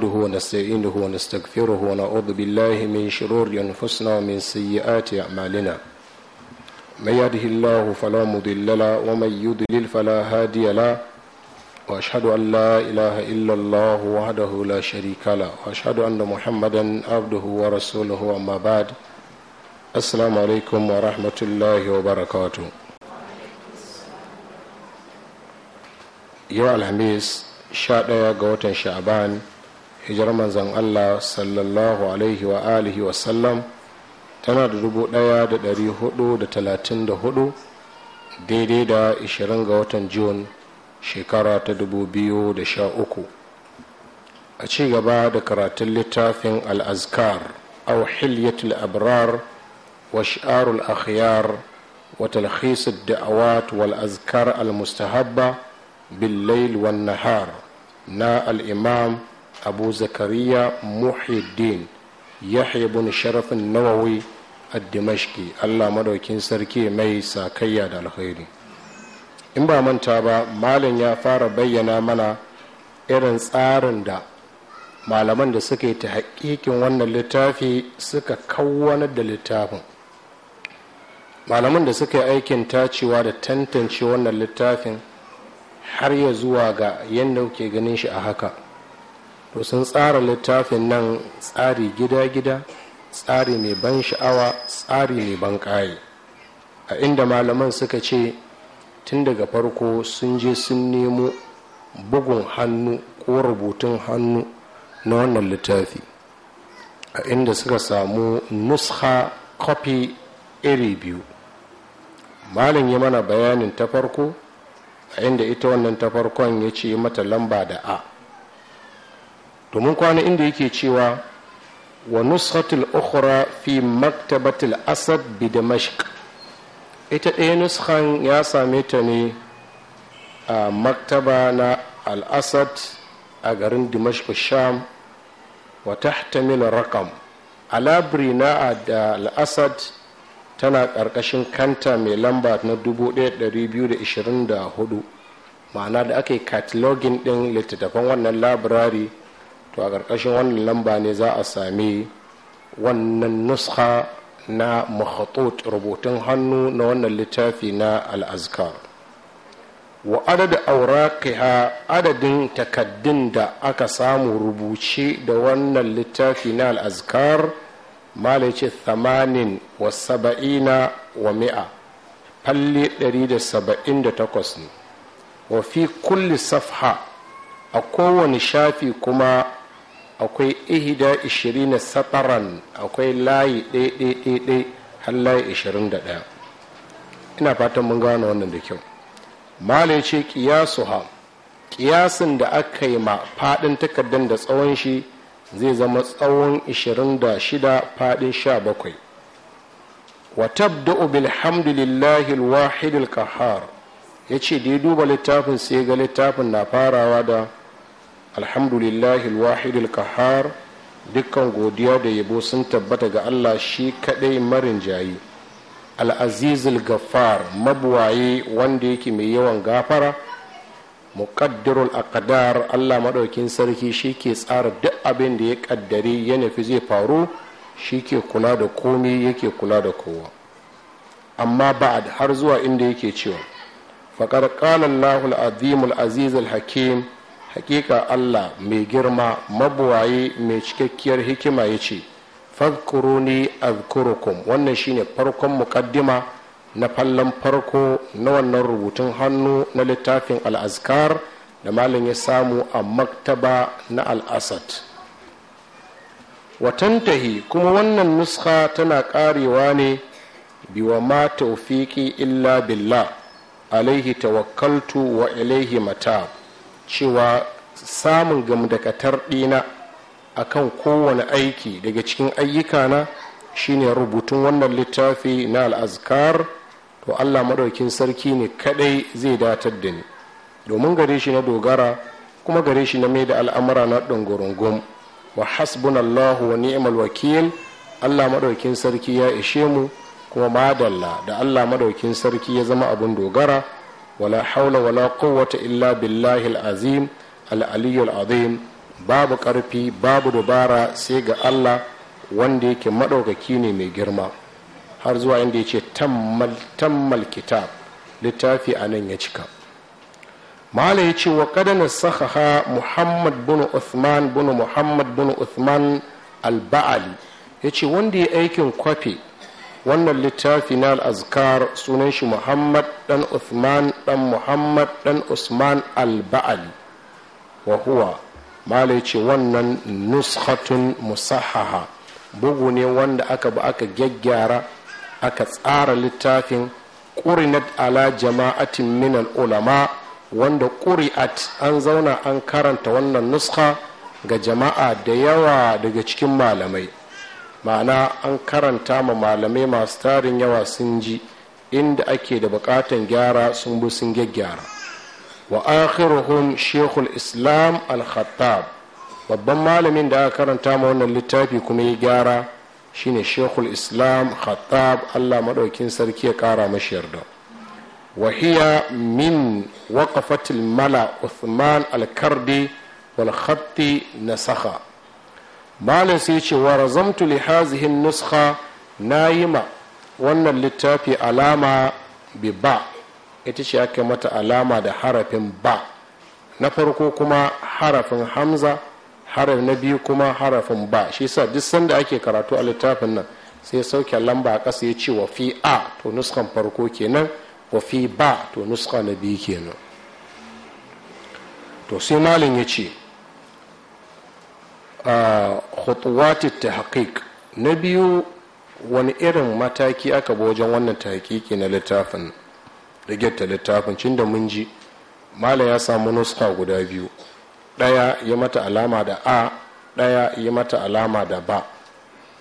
نحمده ونستعينه ونستغفره ونعوذ بالله من شرور أنفسنا ومن سيئات أعمالنا من يهده الله فلا مضل له ومن يضلل فلا هادي له وأشهد أن لا إله إلا الله وحده لا شريك له وأشهد أن محمدا عبده ورسوله أما بعد السلام عليكم ورحمة الله وبركاته يا الخميس 11 يا watan شعبان hijar manzan allah sallallahu alaihi wa alihi wa sallam tana da dubu daya da dari hudu da talatin da hudu daidai da ishirin ga watan june shekara ta dubu biyu da sha uku a ci gaba da karatun littafin al'azkar au hilyatul abrar wa sha'arul akhyar wa talhisar da'awat wal azkar al mustahabba bil lail wan nahar na al-imam abu zakariya muhiddin yahya ibn sharafin nawawi a dimashki allah madaukin sarki mai sakayya da alkhairi in ba manta ba malam ya fara bayyana mana irin tsarin da malaman da suka ta hakikin wannan littafi suka kawwanar da littafin malaman da suka yi aikin tacewa da tantance wannan littafin har ya zuwa ga yadda kuke ganin shi a haka to sun tsara littafin nan tsari gida-gida tsari mai ban sha'awa tsari mai ban ƙaye a inda malaman suka ce tun daga farko sun je sun nemo bugun hannu ko rubutun hannu na wannan littafi a inda suka samu nusha kofi iri biyu malam ya mana bayanin ta farko a inda ita wannan ta farkon ya ce mata lamba da a domin kwana inda yake cewa wa nusratul ukhra fi maktabatil asad bi damashq ita ɗaya nuskan ya same ta ne a maktaba na al-asad a garin dimashq sham wa tahtamil raqam a labri na da al-asad tana ƙarƙashin kanta mai lamba na 1224 ma'ana da aka yi katilogin ɗin littattafan wannan labirari to a ƙarƙashin wannan lamba ne za a sami wannan nuska na makhatut rubutun hannu na wannan littafi na al'azkar wa adadin auraqiha adadin takaddun da aka samu rubuce da wannan littafi na al'azkar mala ce 80 wa saba'ina wa mi'a falle 178 ne wa fi kulli safha a kowane shafi kuma akwai ihida ishirin sataran akwai layi ɗaiɗaiɗaiɗai har layi ishirin ina fatan mun gane wannan da kyau malai ce kiyasu ha kiyasin da aka yi ma faɗin takardar da tsawon shi zai zama tsawon 26 faɗin 17 watabda'u bilhamdulillahi wahidul kahar ya ce da ya duba littafin sai ga littafin na farawa da alhamdulillahi alwahid alkahar dukkan godiya da yabo sun tabbata ga allah shi kadai marin jayi al gaffar mabuwaye wanda yake mai yawan gafara muqaddirul aqdar allah maɗaukin sarki shi ke tsara duk abin da ya ƙaddari ya nufi zai faru shi ke kula da komi yake kula da kowa amma ba'ad har zuwa inda yake cewa faƙar ƙalallahu azimul azizul hakim hakika allah mai girma mabuwaye mai cikakkiyar hikima ya ce fadkuruni azkurukum wannan shine farkon mukaddima na fallon farko na wannan rubutun hannu na littafin al'azkar da malin ya samu a maktaba na al'asad watantahi kuma wannan nuska tana karewa ne biwa ma taufiki illa billah alaihi tawakkaltu wa ilaihi matab cewa samun gamdakatar ɗina kan kowane aiki daga cikin ayyukana shine rubutun wannan littafi na al'azkar to allah maɗaukin sarki ne kadai zai datar da ni domin gare shi na dogara kuma gare shi na mai da al'amura na ɗungurungum wa allahu wa ni'mal wakil allah maɗaukin sarki ya ishe mu kuma madalla da allah maɗaukin sarki ya zama abin dogara wala haula wala quwwata illa billahi al-azim al-aliyyu azim babu karfi babu dabara sai ga Allah wanda yake madaukaki ne mai girma har zuwa inda yace tammal kitab littafi a nan ya cika Malam ya ce wa kadana sahaha muhammad bin uthman bin muhammad bin uthman al-ba'ali ya ce wanda ya aikin kwafe wannan littafi na al'azkar sunan shi muhammad dan Usman dan muhammad dan usman alba'ali wa huwa malai ce wannan nuskhatun musahaha bugu ne wanda aka ba aka gyaggyara aka tsara littafin ƙurinat ala jama'atin minan ulama wanda ƙuri'at an zauna an karanta wannan nuskha ga jama'a da yawa daga cikin malamai ma'ana an karanta ma malamai masu tarin yawa sun ji inda ake da bukatan gyara sun bi sun gyaggyara wa akhiruhum shekul islam al-khattab babban malamin da aka karanta ma wannan littafi kuma ya gyara shine shekul islam khattab allah maɗaukin sarki ya ƙara mashi yarda wahiya min waƙafatil mala uthman al-kardi wal khatti nasakha malam sai ce wa razamtu li hazihin nuskha na yi ma wannan littafi alama bi ba ita ce aka mata alama da harafin ba na farko kuma harafin hamza harafin na biyu kuma harafin ba shi yasa duk sanda ake karatu a littafin nan sai sauke lamba a ƙasa ya ce wa fi a to nuskan farko kenan wa fi ba to nuska na biyu kenan to sai malin ya ce A ta tahqiq na biyu wani irin mataki aka bi wajen wannan haƙiƙi na littafin ta littafin cin da mun ji mala ya samu nuska guda biyu ɗaya ya mata alama da a ɗaya ya mata alama da ba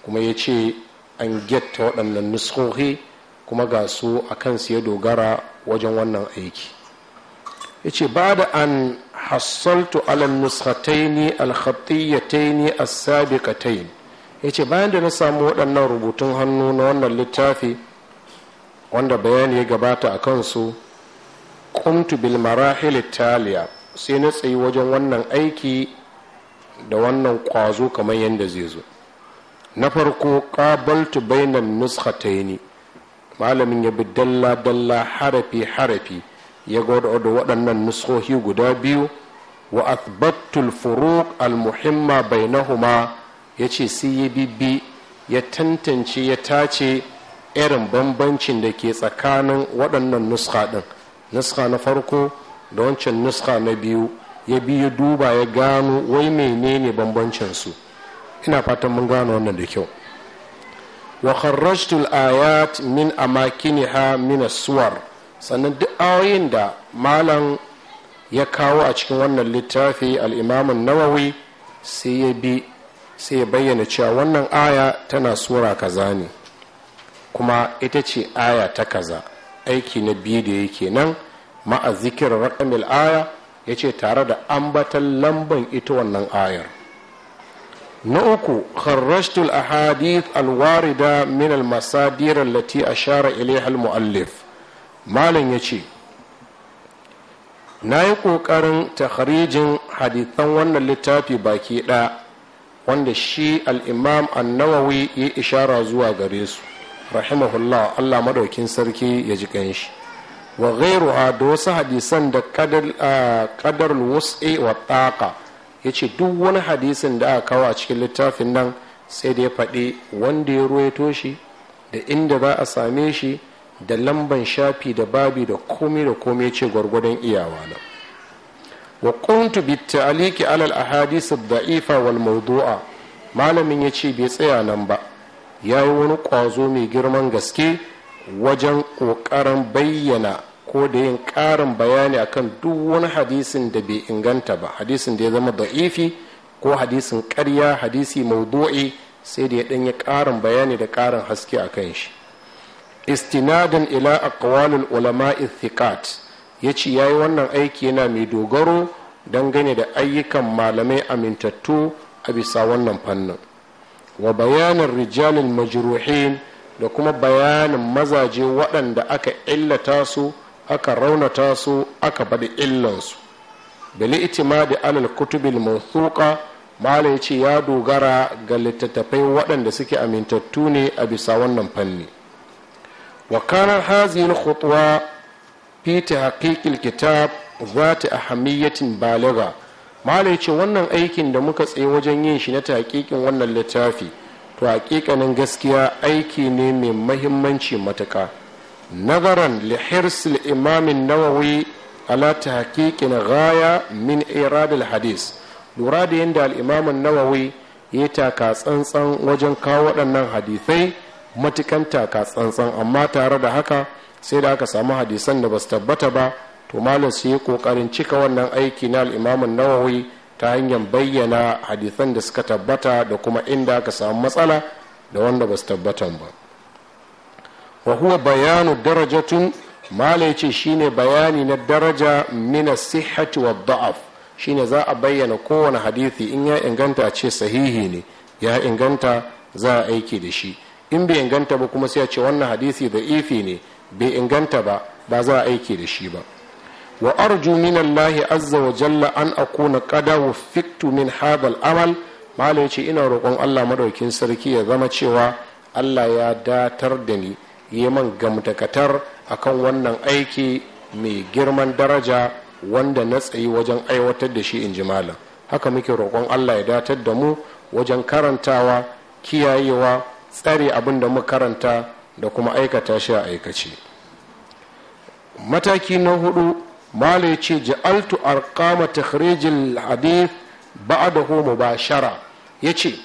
kuma ya ce an getta waɗannan nuskohi kuma ga su a kansu ya dogara wajen wannan aiki ya ce ba da an hassaltu على النسختين الخطيتين السابقتين yace bayan da na samu waɗannan rubutun hannu na wannan littafi wanda bayani ya gabata a kansu kumtu bil marahil italiya sai na tsayi wajen wannan aiki da wannan kwazo kamar yadda zai zo na farko kabaltu bainan nuskhataini malamin ya bi dalla dalla harafi harafi ya gwada da waɗannan nuskohi guda biyu wa athbattul furuq al-muhimma bainahuma yace sai ya bibbi ya tantance ya tace irin bambancin da ke tsakanin waɗannan nuska ɗin nuska na farko da wancan nuska na biyu ya bi ya duba ya gano wai menene bambancin su ina fatan mun gano wannan da kyau wa kharrajtul ayat min amakiniha min as-suwar sannan duk ayoyin da malam ya kawo a cikin wannan littafi al'imamun nawawi sai ya bi sai ya bayyana cewa wannan aya tana sura kaza ne kuma ita ce aya ta kaza aiki na biyu da yake nan ma'a zikirar rakamil aya ya ce tare da ambatan lamban ita wannan ayar na uku kharrashtul ahadith alwarida min almasadir allati ashara ilaiha mu'allif malam ya ce na yi ƙoƙarin takharijin hadithan wannan littafi baki ɗaya wanda shi al'imam annawawi ya ishara zuwa gare su rahimahullah allah maɗaukin sarki ya ji shi wa a da wasu hadisan da kadar wasu wa taka ya ce duk wani hadisin da aka kawo a cikin littafin nan sai da ya faɗi wanda ya ruwaito shi da inda za a same shi da lamban shafi da babi da komai da komai ce gwargwadon iyawa na wa kuntu bi alal ahadith ad-da'ifa wal mawdu'a malamin yace bai tsaya nan ba ya yi wani kwazo mai girman gaske wajen kokarin bayyana ko da yin karin bayani akan duk wani hadisin da bai inganta ba hadisin da ya zama da'ifi ko hadisin ƙarya hadisi mawdu'i sai da ya yi ƙarin bayani da ƙarin haske a kan shi istinadan ila aqwalul ulama thiqat yace yayi wannan aiki yana mai dogaro dangane da ayyukan malamai amintattu a bisa wannan fannin wa bayanin rijalin majruhin da kuma bayanin mazaje waɗanda aka illata su aka raunata su aka baɗi illansu su itima da alal kutubil mawthuqa malai ce ya dogara ga littattafai waɗanda suke amintattu ne a bisa wannan fanni وكانت هذه الخطوة في تحقيق الكتاب ذات أهمية بالغة mala ya ce wannan aikin da muka tsaye wajen yin shi na taƙiƙin wannan littafi to haƙiƙanin gaskiya aiki ne mai mahimmanci matuka. nazaran lihirsil imamin nawawi ala tahqiqin ghaya min iradil hadis lura da yadda al'imamin nawawi ya taka tsantsan wajen kawo waɗannan hadisai. matukanta ka tsantsan amma tare da haka sai da aka samu hadisan da ba su tabbata ba to malam su yi kokarin cika wannan aiki na al'imamin nawawi ta hanyar bayyana hadisan da suka tabbata da kuma inda aka samu matsala da wanda ba su tabbatan ba wa huwa bayanu darajatun malai ce shine bayani na daraja mina sihhati wa da'af shine za a bayyana kowane hadisi in ya inganta ce sahihi ne ya inganta za a aiki da shi in bai inganta ba kuma sai ya ce wannan hadisi da ifi ne bai inganta ba ba za a aiki da shi ba wa arju min Allah azza wa jalla an akuna qada wuffiqtu min hadal amal mala yace ina roƙon Allah madaukin sarki ya zama cewa Allah ya datar da ni yi man gamtakatar akan wannan aiki mai girman daraja wanda na tsayi wajen aiwatar da shi in ji haka muke roƙon Allah ya datar da mu wajen karantawa kiyayewa tsare abin da muka karanta da kuma aikata shi a aikace mataki na hudu mala ya ce ja'altu arkama takhrijil hadith ba'dahu mubashara ya ce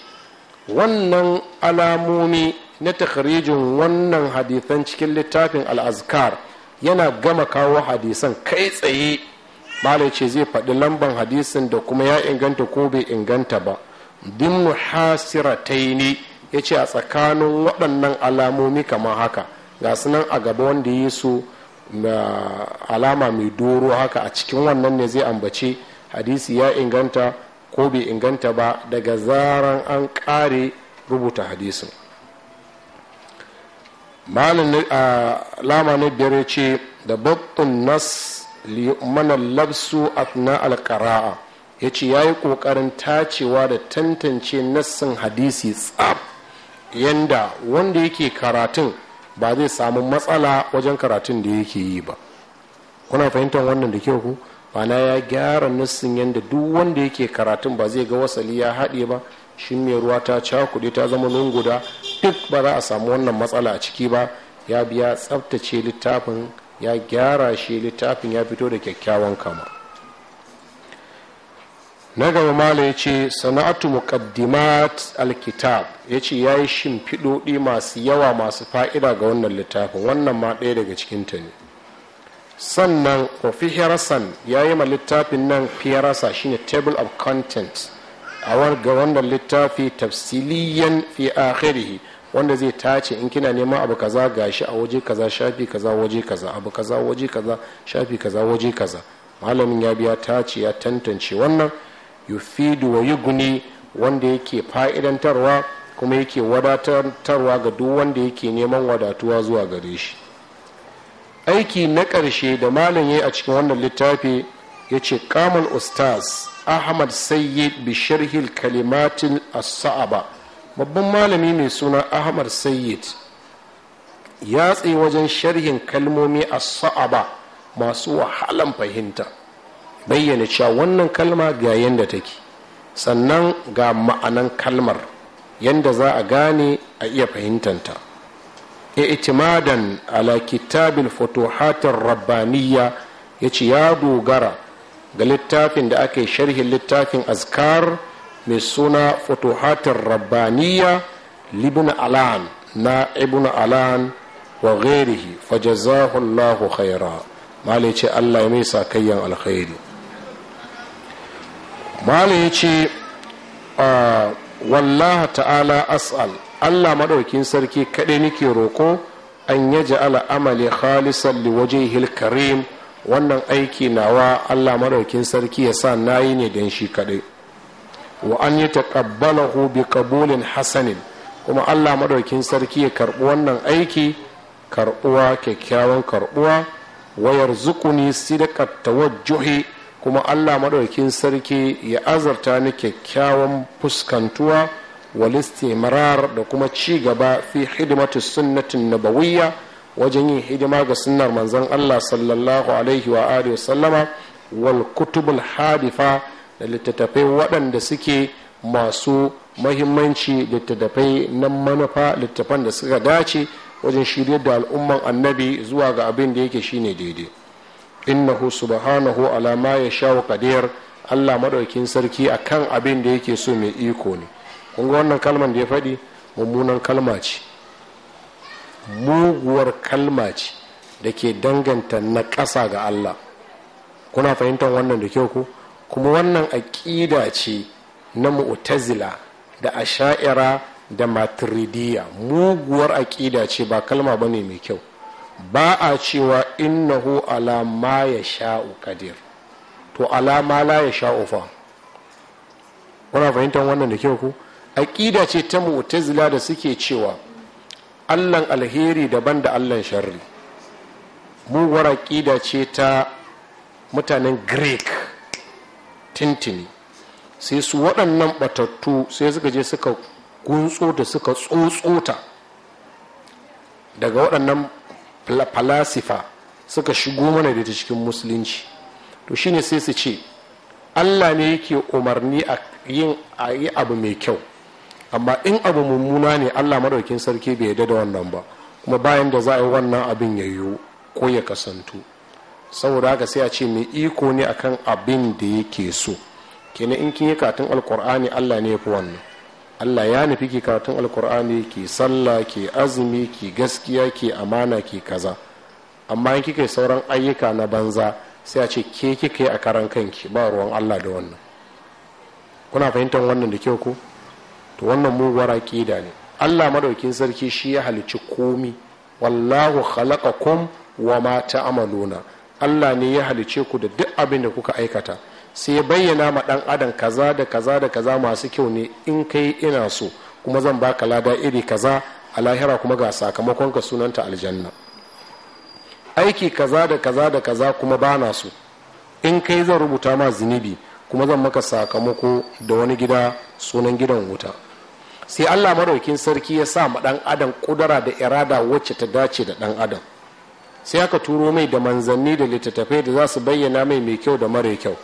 wannan alamomi na takhrijin wannan hadithan cikin littafin al'azkar yana gama kawo hadisan kai tsaye mala ce zai faɗi lamban hadisin da kuma ya inganta ko bai inganta ba muhasiratai ne. ya ce a tsakanin waɗannan alamomi kamar haka ga nan a gaba wanda yi su na alama mai doro haka a cikin wannan ne zai ambace hadisi ya inganta ko bai inganta ba daga zaran an ƙare rubuta hadisi malin alama na biyar ya ce da babtun nas mana labsu na alƙara'a ya ce ya yi ƙoƙarin tacewa da tantance nassin hadisi tsab yanda wanda yake karatun ba zai samu matsala wajen karatun da yake yi ba kuna fahimtar wannan da kyau ku fa-na ya gyara nassin yanda duk wanda yake karatun ba zai ga wasali ya haɗe ba shi mai ruwa ta cakuɗe ta zama lunguda duk ba za a samu wannan matsala a ciki ba ya biya tsabtace littafin ya gyara shi littafin ya fito da kyakkyawan kama na gaba mala ya ce sana'atu muqaddimat alkitab ya ce ya yi shimfiɗoɗi masu yawa masu fa'ida ga wannan littafin wannan ma ɗaya daga cikin ta ne sannan kofi herasan ya yi ma littafin nan fiyarasa shine table of content a ga wannan littafi tafsiliyan fi akhirihi wanda zai tace in kina neman abu kaza shi a waje kaza shafi kaza waje kaza abu kaza waje kaza shafi kaza waje kaza malamin ya biya tace ya tantance wannan yufidu wa yuguni wanda yake fa'idantarwa kuma yake wadatarwa ga duk wanda yake neman wadatuwa zuwa gare shi aiki na ƙarshe da malam ya a cikin wannan littafi ya ce kamun ustaz ahmad sayyid bisharhil kalimatin as-sa'aba babban malami mai suna ahmad sayyid ya tsaye wajen sharhin kalmomi as-sa'aba masu wahalan fahimta bayyana cewa wannan kalma ga yadda take sannan ga ma'anan kalmar yadda za a gane a iya fahimtanta i'timadan ala fotohatar rabbaniya ya ci ya dogara ga littafin da aka yi sharhin littafin azkar mai suna fotohatar rabbaniya libin alan na ibn alan wa ghairihi fajazahu Allahu khaira malai ce Allah ya mai sakayyan alkhairi bala ya ce ah, wallaha ta'ala as'al allah maɗaukin sarki kaɗai nake roƙo an ya ja'ala amali khalisan waje karim wannan aiki nawa allah maɗaukin sarki ya sa na yi ne don shi kaɗai wa an yi taƙabbalahu bi kabulin hasanin kuma allah maɗaukin sarki ya karɓi wannan aiki karɓuwa kyakkyawan karɓuwa wayar zukuni sidakar tawajjuhi kuma allah maɗaukin sarki ya azarta ni kyakkyawan fuskantuwa walistimarar da kuma ci gaba fi hidimatu sunnatin nabawiyya wajen yin hidima ga sunnar manzon allah sallallahu alaihi wa alihi sallama wal kutubul hadifa da littattafai waɗanda suke masu mahimmanci littattafai na manufa littattafan da suka dace wajen shirya da al'umman annabi zuwa ga abin da yake shine daidai innahu subhanahu ala ma wa kadiyar Allah madaukin sarki a kan abin da yake so mai iko ne kun wannan kalman da ya faɗi mummunan kalma ce muguwar kalma ce da ke danganta na ƙasa ga Allah kuna fahimtar wannan da kyau ku kuma wannan aƙida ce na mu'tazila da asha'ira da matiridiya muguwar aƙida ce ba kalma ba ne mai kyau ba a cewa innahu ala ma ya sha'u kadir to ala ma la ya sha'u fa kuna fahimtar wannan da kyau ku aƙida ce ta mu'tazila da suke cewa allan alheri daban da allan sharri muguwar aƙida ce ta mutanen greek tintini sai su waɗannan batattu sai suka je suka guntso da suka tsotsota daga waɗannan falasifa suka shigo mana da cikin musulunci to shine sai su ce allah ne yake umarni a yin yi abu mai kyau amma in abu mummuna ne allah madaukin sarki bai yarda da wannan ba kuma bayan da za a yi wannan abin ya yiwu ko ya kasantu saboda haka sai a ce mai iko ne akan abin da yake so kenan in kin yi katin alkur'ani allah ne ya fi wannan Allah ya nufi ke karatun alkur'ani ke sallah ke azumi ke gaskiya ke amana ke kaza amma in kika yi sauran ayyuka na banza sai a ce ke kika yi a karan kanki ba ruwan Allah da wannan kuna fahimtar wannan da kyau ko to wannan muguwar aqida ne Allah madaukin sarki shi ya halicci komi wallahu khalaqakum wa ma ta'maluna Allah ne ya halice ku da duk abin da kuka aikata sai ya bayyana ma dan adam kaza da kaza da kaza masu kyau ne in kai ina so kuma zan baka lada iri kaza a lahira kuma ga sakamakon ka sunanta aljanna aiki kaza da kaza da kaza kuma bana so in kai zan rubuta ma zunubi kuma zan maka sakamako da wani gida sunan gidan wuta sai allah maraukin sarki ya sa ma ɗan adam kudura da irada wacce ta dace da dan adam sai aka turo mai da manzanni da littattafai da za su bayyana mai mai kyau da mara kyau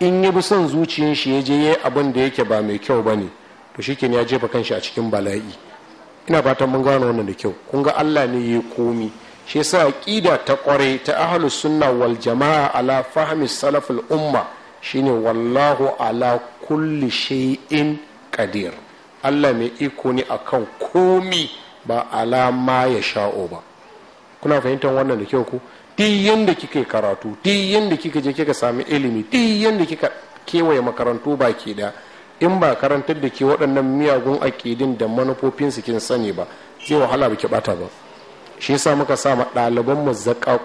in yi bi son zuciyar shi ya je ya abin da yake ba mai kyau ba ne to shi ya jefa kanshi a cikin bala'i ina fatan mun gano wannan da kyau kun ga Allah ne ya komi shi yasa aqida ta kware ta ahlus sunna wal jamaa ala fahmi salaful umma shine wallahu ala kulli shay'in qadir Allah mai iko ne akan komi ba alama ya sha'o ba kuna fahimtar wannan da kyau ku duk yanda kika karatu duk yanda kika je kika sami ilimi duk yanda kika kewaye makarantu baki da in ba karantar da ke waɗannan miyagun aƙidin da su kin sani ba zai wahala ba ki bata ba shi yasa muka sa ma ɗaliban mu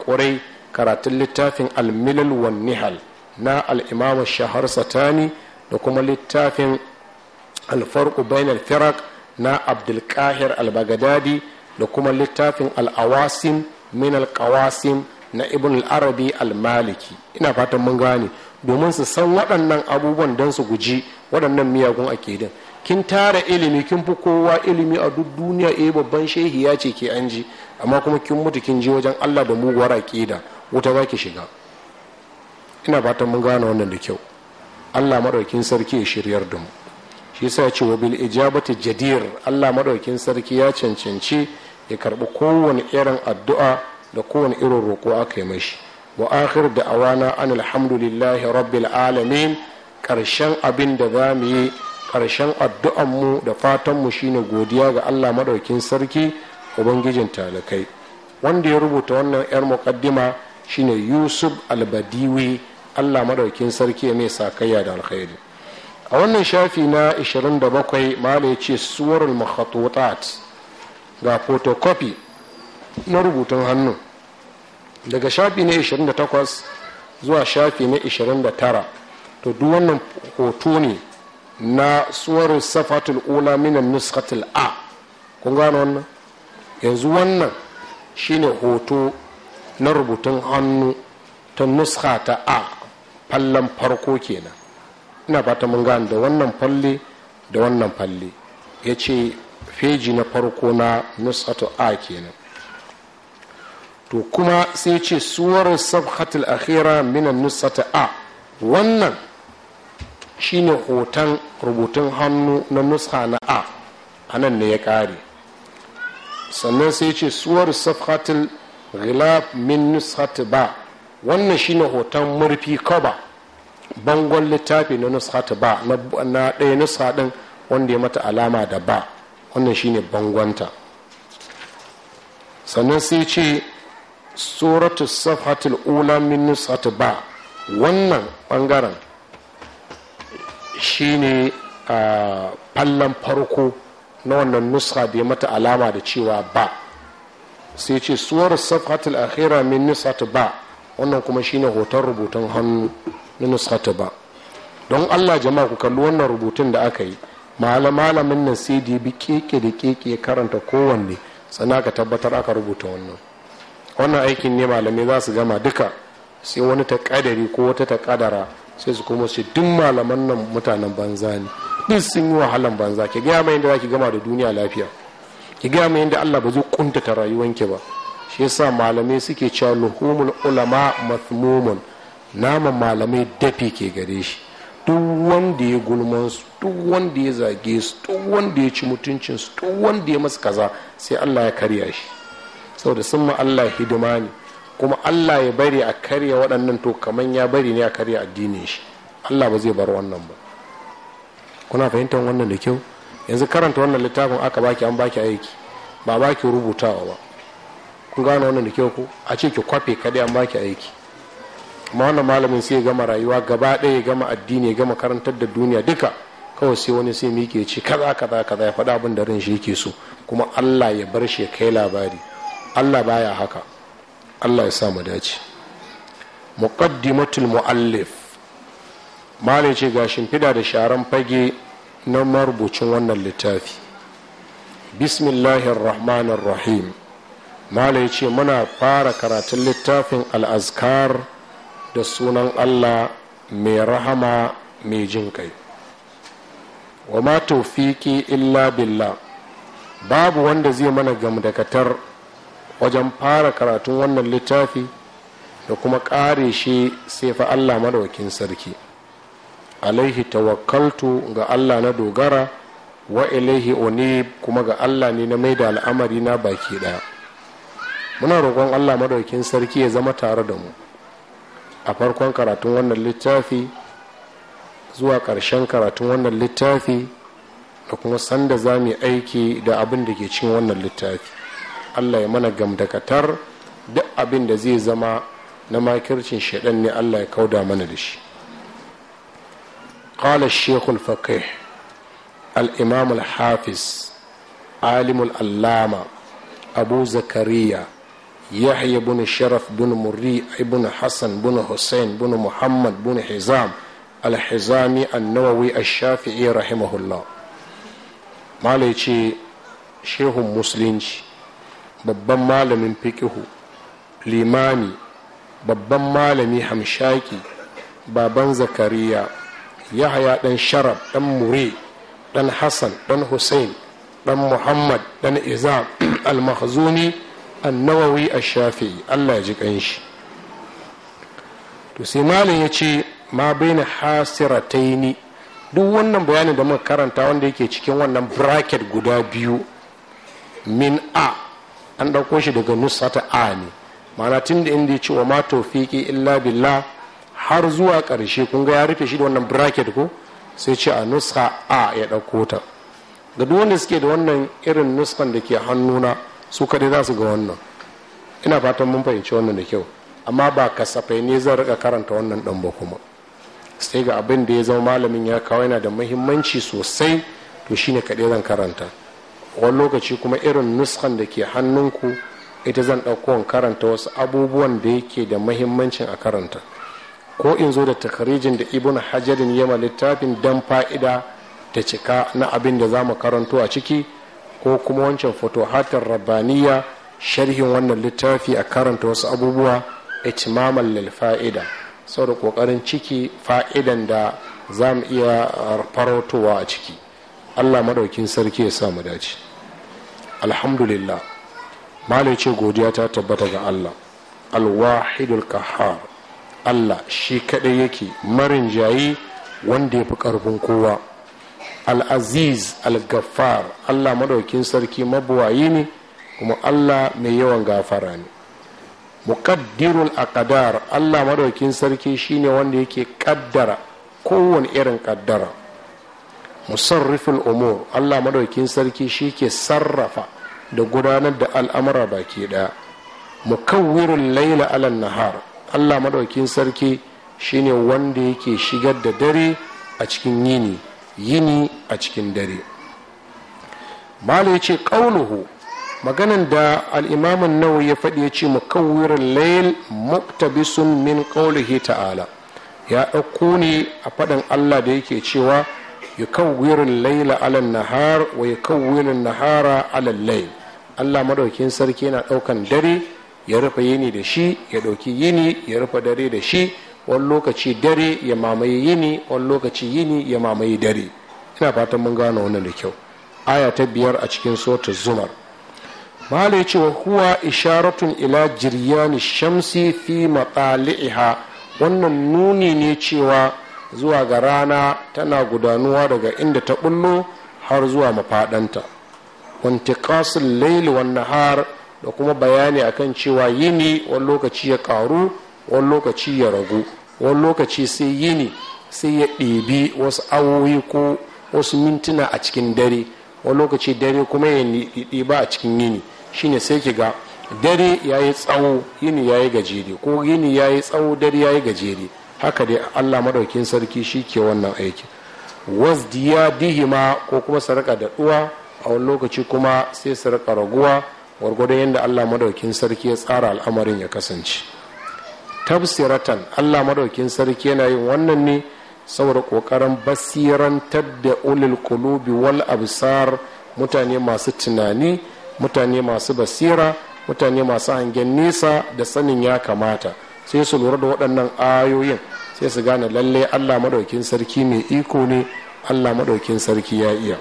ƙurai karatun littafin almilal wan nihal na al-imam shahar satani da kuma littafin alfarku bainal firak na abdulkahir al da kuma littafin al-awasim min al-qawasim na ibn al-arabi al-maliki ina fatan mun gane domin su san waɗannan abubuwan don su guji waɗannan miyagun akidin kin tara ilimi kin fi kowa ilimi a duk duniya eh babban shehi ya ce ke an ji amma kuma kin mutu kin ji wajen Allah da muguwar akida wuta za ki shiga ina fatan mun gane wannan da kyau Allah maɗaukin sarki ya shiryar da mu shi yasa ce wa bil ijabati jadir Allah maɗaukin sarki ya cancanci ya karɓi kowane irin addu'a da kowane irin roƙo aka yi mashi wa akhir da awana an alhamdulillahi rabbil alamin ƙarshen abin da za mu yi ƙarshen mu da fatan mu shine godiya ga allah maɗaukin sarki ubangijin talakai wanda ya rubuta wannan 'yar muƙaddima shine yusuf albadiwi allah maɗaukin sarki mai sakayya da alkhairi a wannan shafi na 27 mala ya ce suwarul makhatutat ga photocopy na rubutun hannu daga shafi na 28 zuwa shafi na 29 to duk wannan hoto ne na suwaru safatul ula minan nuskatul a kun gano wannan yanzu wannan shine hoto na rubutun hannu ta nuska ta a fallon farko kenan ina fata mun gane da wannan falle da wannan falle ya ce feji na farko na nuskatu a kenan to kuma sai ce suwarar sabhatul akhira minan nusata a wannan shine hoton rubutun hannu na nusa na a a nan ne ya kare. sannan sai ce suwar sabhatul ghilaf min nusata ba wannan shine hoton murfi kaba bangon littafi na nusata ba na ɗaya nusa ɗin wanda ya mata alama da ba wannan shine bangonta sannan sai ce suratu safhatul ula min nusatu ba wannan bangaren ne a fallon farko na wannan nusa da ya mata alama da cewa ba sai ce suwar safhatul akhira min nusatu ba wannan kuma shi ne hoton rubutun hannu na nusatu ba don allah jama'a ku kalli wannan rubutun da aka yi malamin nan sai da bi keke da keke karanta kowanne sana ka tabbatar aka rubuta wannan wannan aikin ne malamai za su gama duka sai wani ta kadari ko wata ta kadara sai su kuma su duk malaman nan mutanen banza ne duk sun yi wahalan banza ki gaya mai yadda za ki gama da duniya lafiya ki gaya mai yadda Allah ba zai kuntata rayuwanki ba shi yasa malamai suke cewa luhumul ulama mathmumun naman malamai dafi ke gare shi duk wanda ya gulman su duk wanda ya zage su duk wanda ya ci mutuncin su duk wanda ya masu kaza sai Allah ya karya shi saboda sun ma Allah hidima ne kuma Allah ya bari a karya waɗannan to kamar ya bari ne a karya addinin shi Allah ba zai bar wannan ba kuna fahimtar wannan da kyau yanzu karanta wannan littafin aka baki an baki aiki ba baki rubutawa ba kun gane wannan da kyau ko a ce ki kwafe kadai an baki aiki amma wannan malamin sai ya gama rayuwa gaba ɗaya ya gama addini ya gama karantar da duniya duka kawai sai wani sai miƙe ce kaza kaza kaza ya faɗa abin da ran shi yake so kuma Allah ya bar shi ya kai labari allah baya haka allah ya sa mu dace muqaddimatul muallif malai ce ga shimfida da sharan fage na marubucin wannan littafi bismillahir rahmanir rahim malai ce muna fara karatun littafin al'azkar da sunan allah mai rahama mai jin kai wa ma taufiki illa billah babu wanda zai mana gamdakatar wajen fara karatun wannan littafi da kuma ƙare shi sai fa allah madawakin sarki alaihi tawakkaltu ga allah na dogara wa ilaihi oni kuma ga allah ne na mai da al'amari na baki ɗaya muna roƙon allah madawakin sarki ya zama tare da mu a farkon karatun wannan littafi zuwa ƙarshen karatun wannan littafi da kuma sanda za mu aiki da abin da ke cikin wannan littafi allah ya mana gamdakatar duk abin da zai zama na makircin shaɗan ne allah ya kauda mana da shi ƙala shekul Al al’imamul hafiz alimul allama abu zakariya yahya bin sharaf bin murri ibn hassan bin hussain bin muhammad bin hizam al-hizami annawawi al-shafi'i rahimahullah malai ce shehun musulunci babban malamin fikihu limami babban malami hamshaki baban zakariya yahaya dan sharaf dan mure dan hassan dan hussein dan muhammad dan izam al-mahzuni annawawi a shafi allah ji kanshi. to sai malin ya ce ma baina hasirataini duk wannan bayanin da muka karanta wanda yake cikin wannan bracket guda biyu min a an ɗauko shi daga nusata a ne mana tun da inda ya ce wa ma fiƙi illa billah har zuwa ƙarshe kun ga ya rufe shi da wannan bracket ko sai ce a nusa a ya ɗauko ta ga duk wanda suke da wannan irin nuskan da ke hannuna su kaɗai za su ga wannan ina fatan mun fahimci wannan da kyau amma ba kasafai ne zan rika karanta wannan ɗan ba kuma sai ga abin da ya zama malamin ya kawo yana da muhimmanci sosai to shine kaɗai zan karanta wani lokaci kuma irin nuskan da ke hannunku ita zan ɗauko karanta wasu abubuwan da yake da mahimmancin a karanta ko in zo da takarijin da ibn hajarin yama littafin dan fa'ida da cika na abin da za mu karanto a ciki ko kuma wancan hatar rabaniya sharhin wannan littafi a karanta wasu abubuwa itimaman lil fa'ida saboda ƙoƙarin ciki fa'idan da za mu iya farautowa a ciki allah maɗaukin sarki ya sa mu dace alhamdulillah malai ce godiya ta tabbata ga allah alwahidul kahar allah shi kaɗai yake marin jayi wanda ya fi ƙarfin kowa al'aziz al-gaffar allah maɗaukin sarki mabuwayi ne kuma allah mai yawan gafara ne muqaddirul aqdar allah maɗaukin sarki shine wanda yake ƙaddara kowane irin ƙaddara musarrifin umur allah madaukin sarki shi ke sarrafa da gudanar da al'amura baki ɗaya mukawwirin laila alan nahar allah madaukin sarki shine wanda yake shigar da dare a cikin yini yini a cikin dare mala ya ce ƙaunuhu maganan da al'imamin nawa ya faɗi ya ce mukawwirin lail muktabisun min ƙaunuhi ta'ala ya ɗauko ne a faɗin allah da yake cewa yukawwirul laila ala nahar wa yukawwirun nahara ala layl Allah madaukin sarki yana ɗaukan dare ya rufe yini da shi ya ɗauki yini ya rufe dare da shi wani lokaci dare ya mamaye yini wani lokaci yini ya mamaye dare ina fatan mun gano wannan da kyau aya ta biyar a cikin suratul zumar mahala ya ce wa isharatun ila jiryani shamsi fi matsali'iha wannan nuni ne cewa zuwa ga rana tana gudanuwa daga inda ta bullo har zuwa mafaɗanta wantiƙasin laili wan har da kuma bayani akan cewa yini wani lokaci ya ƙaru wani lokaci ya ragu wani lokaci sai yini sai ya ɗebi wasu awoyi ko wasu mintuna a cikin dare wani lokaci dare kuma ya ɗiba a cikin yini shine sai ki ga dare ya yi tsawo yini ya yi gajere ko yini ya yi tsawo dare ya yi gajere haka dai allah madaukin sarki shi ke wannan aikin wasdiya dihima ko kuma sarƙa da ɗuwa a wani lokaci kuma sai sarƙa raguwa gwargwadon yadda allah madaukin sarki ya tsara al'amarin ya kasance tafsiratan allah madaukin sarki yana yin wannan ne saboda ƙoƙarin basirantar da ulil kulubi wal absar mutane masu tunani mutane masu basira mutane masu hangen nesa da sanin ya kamata sai su lura da waɗannan ayoyin sai su gane lalle allah maɗaukin sarki mai iko ne allah maɗaukin sarki ya iya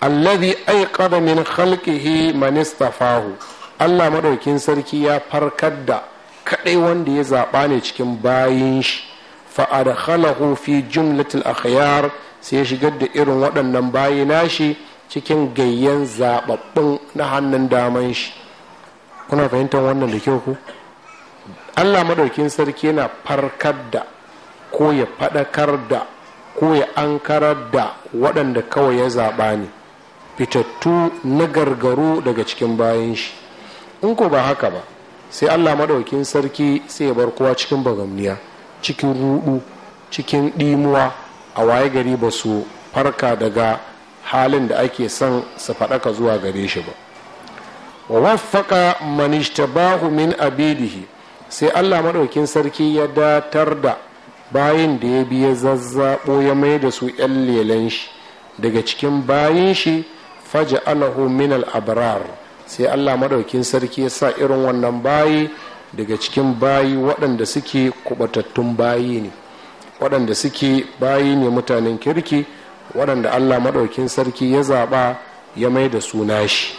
allazi aiqada min khalqihi man istafahu allah maɗaukin sarki ya farkar da kaɗai wanda ya zaɓa ne cikin bayin shi fa'adakhalahu fi jumlatil akhyar sai ya shigar da irin waɗannan bayi nashi cikin gayyan zaɓaɓɓun na hannun daman shi kuna fahimtar wannan da kyau ku allah maɗaukin sarki yana farkar da ko ya faɗakar da ko ya ankarar da waɗanda kawai ya zaɓa ne fitattu na gargaru daga cikin bayan shi in ko ba haka ba sai allah maɗaukin sarki sai ya bar kowa cikin bagamniya cikin rudu cikin ɗimuwa a waye gari ba su farka daga halin da ake son su faɗaka zuwa gare shi ba wa waffaka manishtabahu min abidihi sai allah maɗaukin sarki ya datar da bayin da ya biya zazzaɓo ya mai da su 'yan lelan shi daga cikin bayin shi faja alahu min al'abrar sai allah maɗaukin sarki ya sa irin wannan bayi daga cikin bayi waɗanda suke kubatattun bayi ne waɗanda suke bayi ne mutanen kirki waɗanda allah maɗaukin sarki ya zaɓa ya mai da suna shi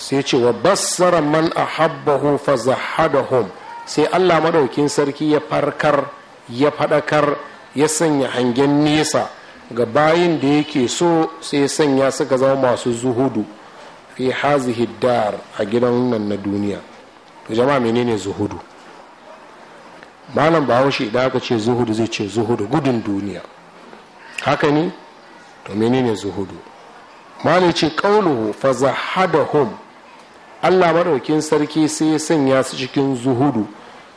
sai ce wa bassara man ahabbahum fazahadahum sai Allah madaukin sarki ya farkar ya fadakar ya sanya hangen nesa ga bayin da yake so sai sanya suka zama masu zuhudu fi hazihi dar a gidan nan na duniya to jama'a menene zuhudu malam bahaushe idan aka ce zuhudu zai ce zuhudu gudun duniya haka ne to menene zuhudu malam ce qauluhu fazahadahum allah maɗaukin sarki sai ya sanya su cikin zuhudu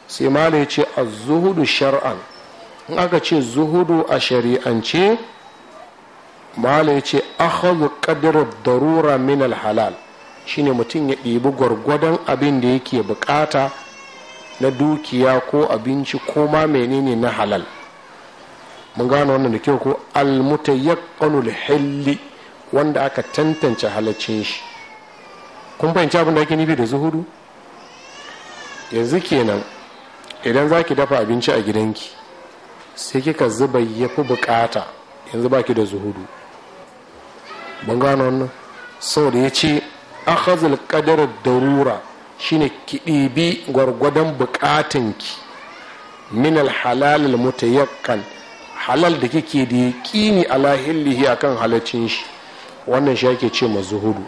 sai mala ya ce a zuhudu shar'an in aka ce zuhudu a shari'ance mala ya ce akhadhu darura min halal shine mutum ya ɗibi gwargwadon abin da yake bukata na dukiya ko abinci ko ma menene na halal mun gano wannan da kyau ko almutayaqqanul hilli wanda aka tantance halaccin shi kun fahimci abin da ake nufi da zuhudu yanzu kenan idan za ki dafa abinci a gidanki sai kika zuba ya fi bukata yanzu ba ki da zuhudu ban gano wannan saboda ya ce akhazul da darura shine ki ɗibi gwargwadon bukatanki min alhalal mutayakkan halal da kike da ya yaƙini a a akan halaccin shi wannan shi ake ce ma zuhudu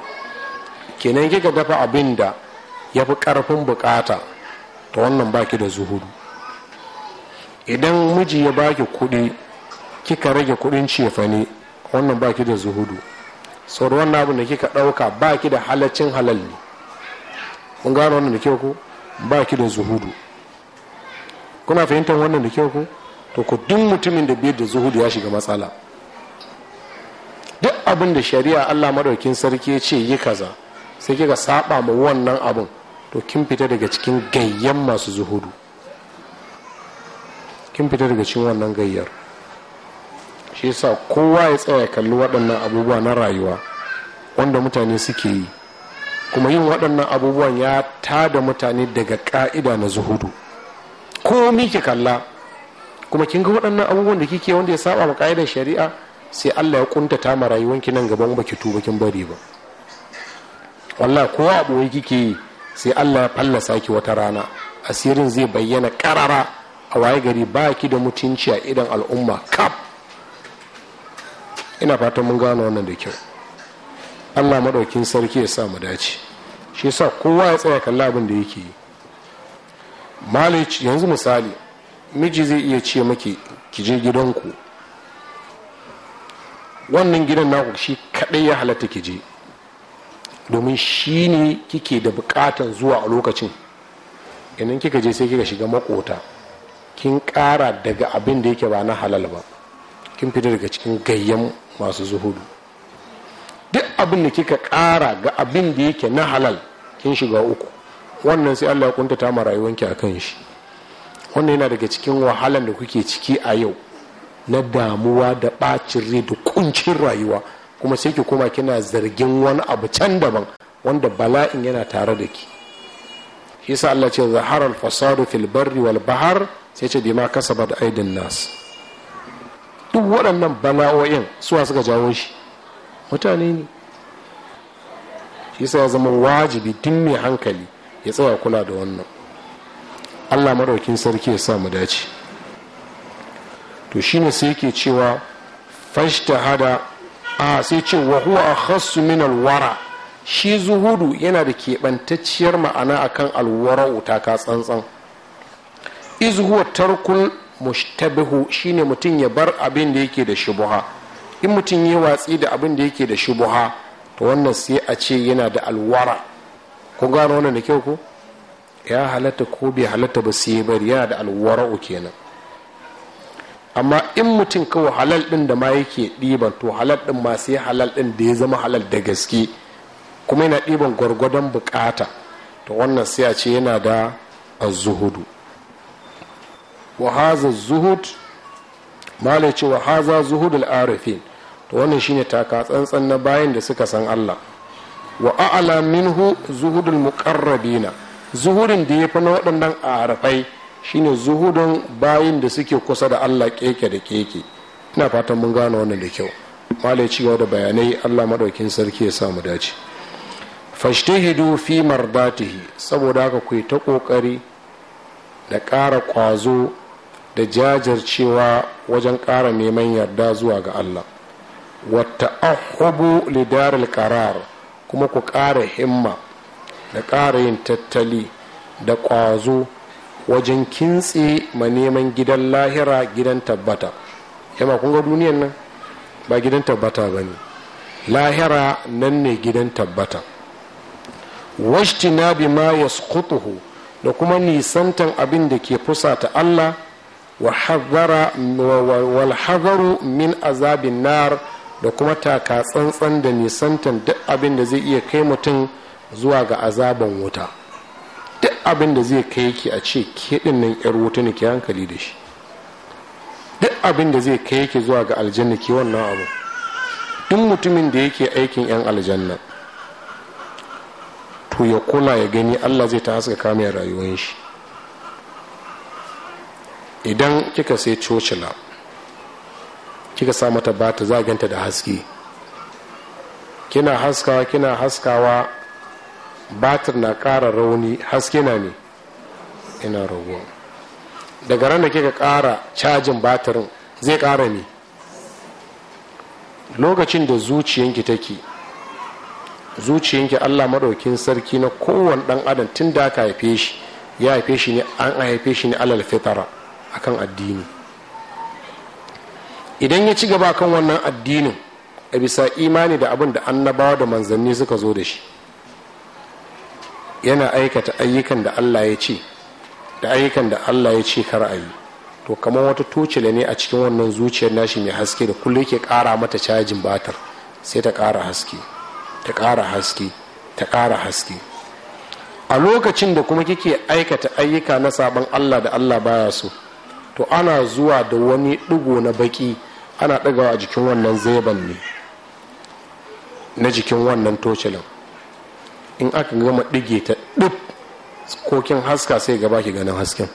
kenan kika dafa abin da ya fi ƙarfin bukata ta wannan baki da zuhudu idan miji ya baki kuɗi kika rage kuɗin cefane wannan baki da zuhudu sauran wannan abin da kika ɗauka baki da halaccin halal ne kun gano wannan da kyau ku baki da zuhudu kuna fahimtar wannan da kyau ku to ku duk mutumin da biyar da zuhudu ya shiga matsala duk abin da shari'a allah madaukin sarki ya ce yi kaza sai kika saba ma wannan abun to kin fita daga cikin gayyan masu zuhudu kin fita daga cikin wannan gayyar shi yasa kowa ya tsaya kalli waɗannan abubuwa na rayuwa wanda mutane suke yi kuma yin waɗannan abubuwan ya tada mutane daga ƙa'ida na zuhudu komi ki kalla kuma kin ga waɗannan abubuwan da kike wanda ya saba ma ka'idar shari'a sai Allah ya kuntata ma rayuwanki nan gaban baki tuba kin bari ba wallah kowa a ɓoye kike yi sai allah ya fallasa ki wata rana asirin zai bayyana karara a waye gari ba ki da mutunci a idan al'umma kaf ina fatan mun gano wannan da kyau allah maɗaukin sarki ya sa mu dace shi yasa kowa ya tsaya kalla abin da yake yi malici yanzu misali miji zai iya ce maki ki je gidanku wannan gidan naku shi kaɗai ya halatta ki je domin shi ne kike da bukatan zuwa a lokacin idan kika je sai kika shiga makota kin kara daga abin da yake ba na halal ba kin fita daga cikin gayyan masu zuhudu duk abin da kika kara ga abin da yake na halal kin shiga uku wannan sai allah ya kuntata ma rayuwanki a kan shi wannan yana daga cikin wahalan da kuke ciki a yau na damuwa da bacin rai da kuncin rayuwa kuma sai ki koma kina zargin wani abu can daban wanda bala'in yana tare da ki shi sa Allah ce zaharar fasadu fil barri wal bahar sai ce bima da aidin nas duk waɗannan bala'o'in suwa suka jawo shi mutane ne shi sa ya zama wajibi duk mai hankali ya tsaya kula da wannan Allah maraukin sarki ya sa mu dace to shine sai yake cewa fashta hada a sai ce wa huwa khassu min alwara shi zuhudu yana da keɓantacciyar ma'ana akan alwara'u taka tsantsan izuwa huwa tarkul mushtabihu shine mutum ya bar abin da yake da shubuha in mutum ya watsi da abin da yake da shubuha to wannan sai a ce yana da alwara ku gano wannan da kyau ko ya halatta ko bai halatta ba sai bari yana da alwara'u kenan amma in mutum kawai halal din da ma yake ɗiban to halal din ma sai halal din da ya zama halal da gaske kuma yana ɗiban gwargwadon bukata to wannan sai a ce yana da azuhudu wa haza zuhud malai ce wa haza zuhud al-arifin to wannan shine taka tsantsan na bayan da suka san Allah wa a'ala minhu al muqarrabina zuhudin da yafi na waɗannan arafai shine zuhudun bayin da suke kusa da allah keke da keke ina fatan mun gane wannan da kyau malai ci gaba da bayanai allah madaukin sarki ya samu dace fashtahidu fi mardatihi saboda haka ku ta kokari da ƙara ƙwazo da jajircewa wajen ƙara neman yarda zuwa ga allah wata ahubu lidaril karar kuma ku ƙara himma da ƙara yin tattali da ƙwazo wajen kintse ma neman gidan lahira gidan tabbata yamma kun ga duniyan nan ba gidan tabbata ba ne lahira nan ne gidan tabbata na bi ma yasqutuhu da kuma nisantan abin da ke fusata Allah wal min azabin nar da kuma taka tsantsan da nisantan duk abin da zai iya kai mutum zuwa ga azaban wuta abin da zai kai ki a ce ke din nan yar wuta ne ki hankali da shi duk abin da zai kai ki zuwa ga aljanna ki wannan abu duk mutumin da yake aikin yan aljanna to ya kula ya gani Allah zai ta haska kame rayuwar shi idan kika sai cocila kika sa mata bata za ganta da haske kina haskawa kina haskawa batir na ƙara rauni haske na ne ina raguwa daga ran kika kara cajin batirin zai ƙara ne lokacin da zuciyanki take zuciyanki allah maɗaukin sarki na kowane ɗan adam tun da aka haife shi ya haife shi ne an haife shi ne alal fitara akan addini idan ya ci gaba kan wannan addinin a bisa imani da abin da annabawa da manzanni suka zo da shi yana aikata ayyukan da Allah ya ce da ayyukan da Allah ya ce kar a yi to kamar wata tocila ne a cikin wannan zuciyar nashi mai haske da kullum yake kara mata cajin batar sai ta kara haske ta kara haske ta kara haske a lokacin da kuma kike aikata ayyuka na sabon Allah da Allah baya so to ana zuwa da wani digo na baki ana ɗagawa a jikin wannan zaiban ne na jikin wannan tocilan in aka gama ɗige ta ɗip kokin haska sai gaba ki ganin hasken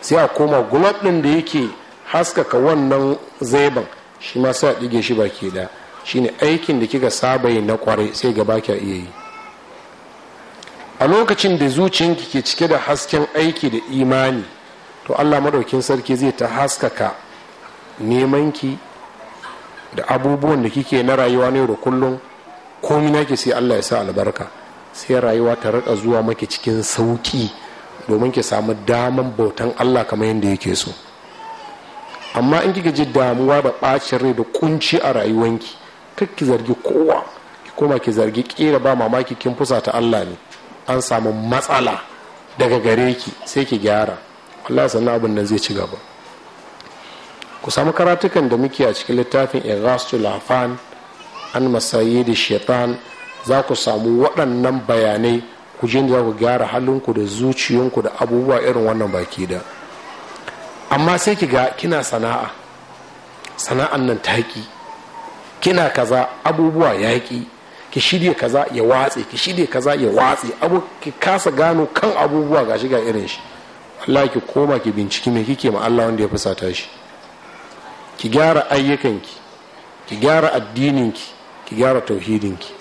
sai a koma gulab ɗin da yake haskaka wannan zaiban shi ma sai a ɗige shi baki da shine aikin da kika saba na kwarai sai gaba ki iya yi a lokacin da zuciyanki ke cike da hasken aiki da imani to allah maɗaukin sarki zai ta haskaka nemanki da abubuwan da kike na rayuwa ne da kullum komi nake sai allah ya sa albarka sai rayuwa ta rika zuwa maki cikin sauki domin ki samu daman bautan Allah kamar yadda yake so amma in kika ji damuwa da ɓacin rai da kunci a rayuwanki kar ki zargi kowa ki koma ki zargi kera ba mamaki kin fusa ta Allah ne an samu matsala daga gare ki sai ki gyara Allah sannan abin nan zai ci gaba ku samu karatukan da muke a cikin littafin Ighasatul lafan an masayi da shaitan za ku samu waɗannan bayanai ku je za ku gyara halinku da zuciyanku da abubuwa irin wannan baki da amma sai ki ga kina sana'a sana'an nan taƙi kina kaza abubuwa yaƙi ki shirya kaza ya watse ki shirya kaza ya watse abu ki kasa gano kan abubuwa ga shiga irin shi Allah ki koma ki binciki me kike ma Allah wanda ya fusata shi ki gyara ayyukanki ki gyara addininki ki gyara tauhidinki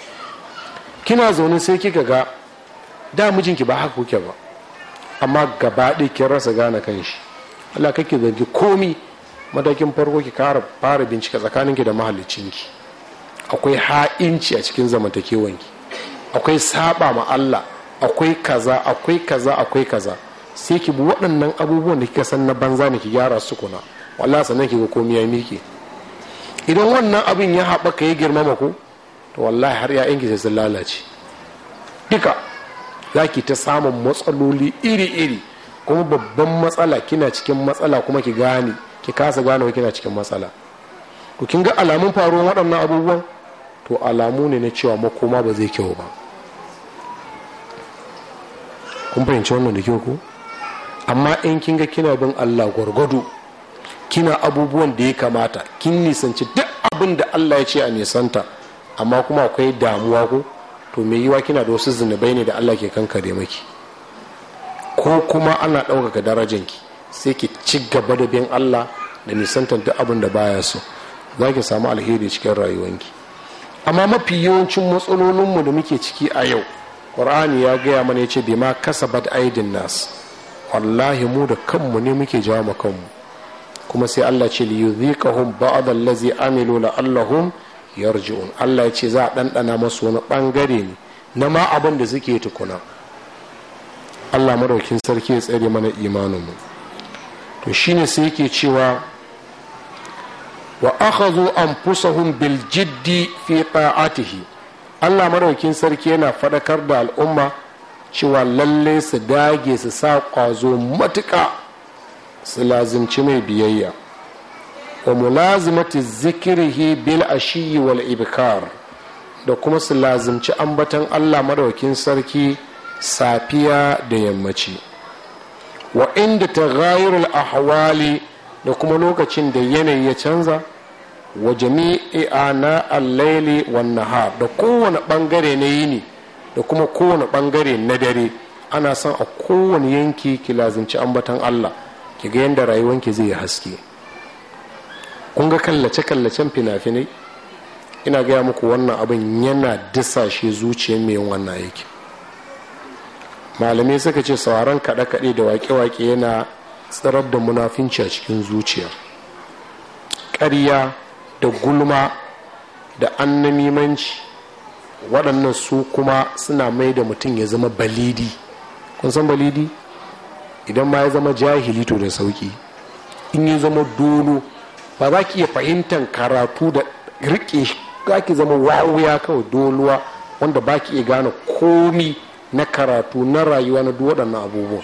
kina zaune sai kika ga da mijinki ba haka kuke ba amma gaba ɗaya kin rasa gane kan shi Allah kake zargi komi matakin farko ki kara fara bincika tsakaninki da mahallicinki akwai ha'inci a cikin zamantakewanki akwai saba ma Allah akwai kaza akwai kaza akwai kaza sai ki bi waɗannan abubuwan da kika san na banza ne ki gyara su kuna wallahi sannan ki ga komai ya miki idan wannan abin ya haɓaka ya girmama ku to wallahi har ya'yan sai sun lalace duka za ki ta samun matsaloli iri-iri kuma babban matsala kina cikin matsala kuma ki gane ki kasa gane kina cikin matsala to kin ga alamun faruwar waɗannan abubuwan to alamu ne na cewa makoma ba zai kyau ba kun fahimci wannan da kyau ko amma in kin ga kina bin Allah gwargwado kina abubuwan da ya kamata kin nisanci duk abin da Allah ya ce a nisanta amma kuma akwai damuwa ko to mai yiwa kina da wasu zunubai ne da Allah ke kankare maki ko kuma ana ɗaukaka darajanki sai ki ci gaba da bin Allah da nisantar duk abin da baya so za ki samu alheri cikin rayuwanki amma mafi yawancin matsalolinmu da muke ciki a yau ƙur'ani ya gaya mana ya ce bai ma kasabat aidin nas wallahi mu da kanmu ne muke jawo kanmu kuma sai Allah ce li yudhiqahum ba'd allazi amilu la'allahum yarji'un Allah ya ce za a ɗanɗana masu wani ɓangare ne na ma abin da suke tukuna Allah maraukin sarki ya tsare mana imaninmu to shine sai yake cewa wa aka zo an fusahun biljiddi fi ta'atihi Allah maraukin sarki yana faɗakar da al'umma cewa lalle su dage su sa ƙwazo matuka su lazimci mai biyayya wa mulazimati zikirihi bil ashiyi wal ibkar da kuma su lazimci ambatan Allah madaukin sarki safiya da yammaci wa inda ta taghayurul ahwali da kuma lokacin da yanayi ya canza wa jami'i ana al-laili wan da kowane bangare na yini da kuma kowane bangare na dare ana son a kowane yanki ki lazimci ambatan Allah ki ga yadda rayuwanki zai haske kun ga kallace-kallacen fina-finai ina gaya muku wannan abin yana disashe zuciyar mai wannan aiki malamai suka ce sauran kaɗe-kaɗe da waƙe-waƙe yana tsirar da munafinci a cikin zuciya ƙarya da gulma da annamimanci waɗannan su kuma suna mai da mutum ya zama balidi kun san balidi idan ma ya zama jahili to da sauƙi in ya zama dolo ba za ki iya fahimtar karatu da riƙe za ki zama wawuya kawai doluwa wanda ba ki iya gane komi na karatu na rayuwa na duk waɗannan abubuwan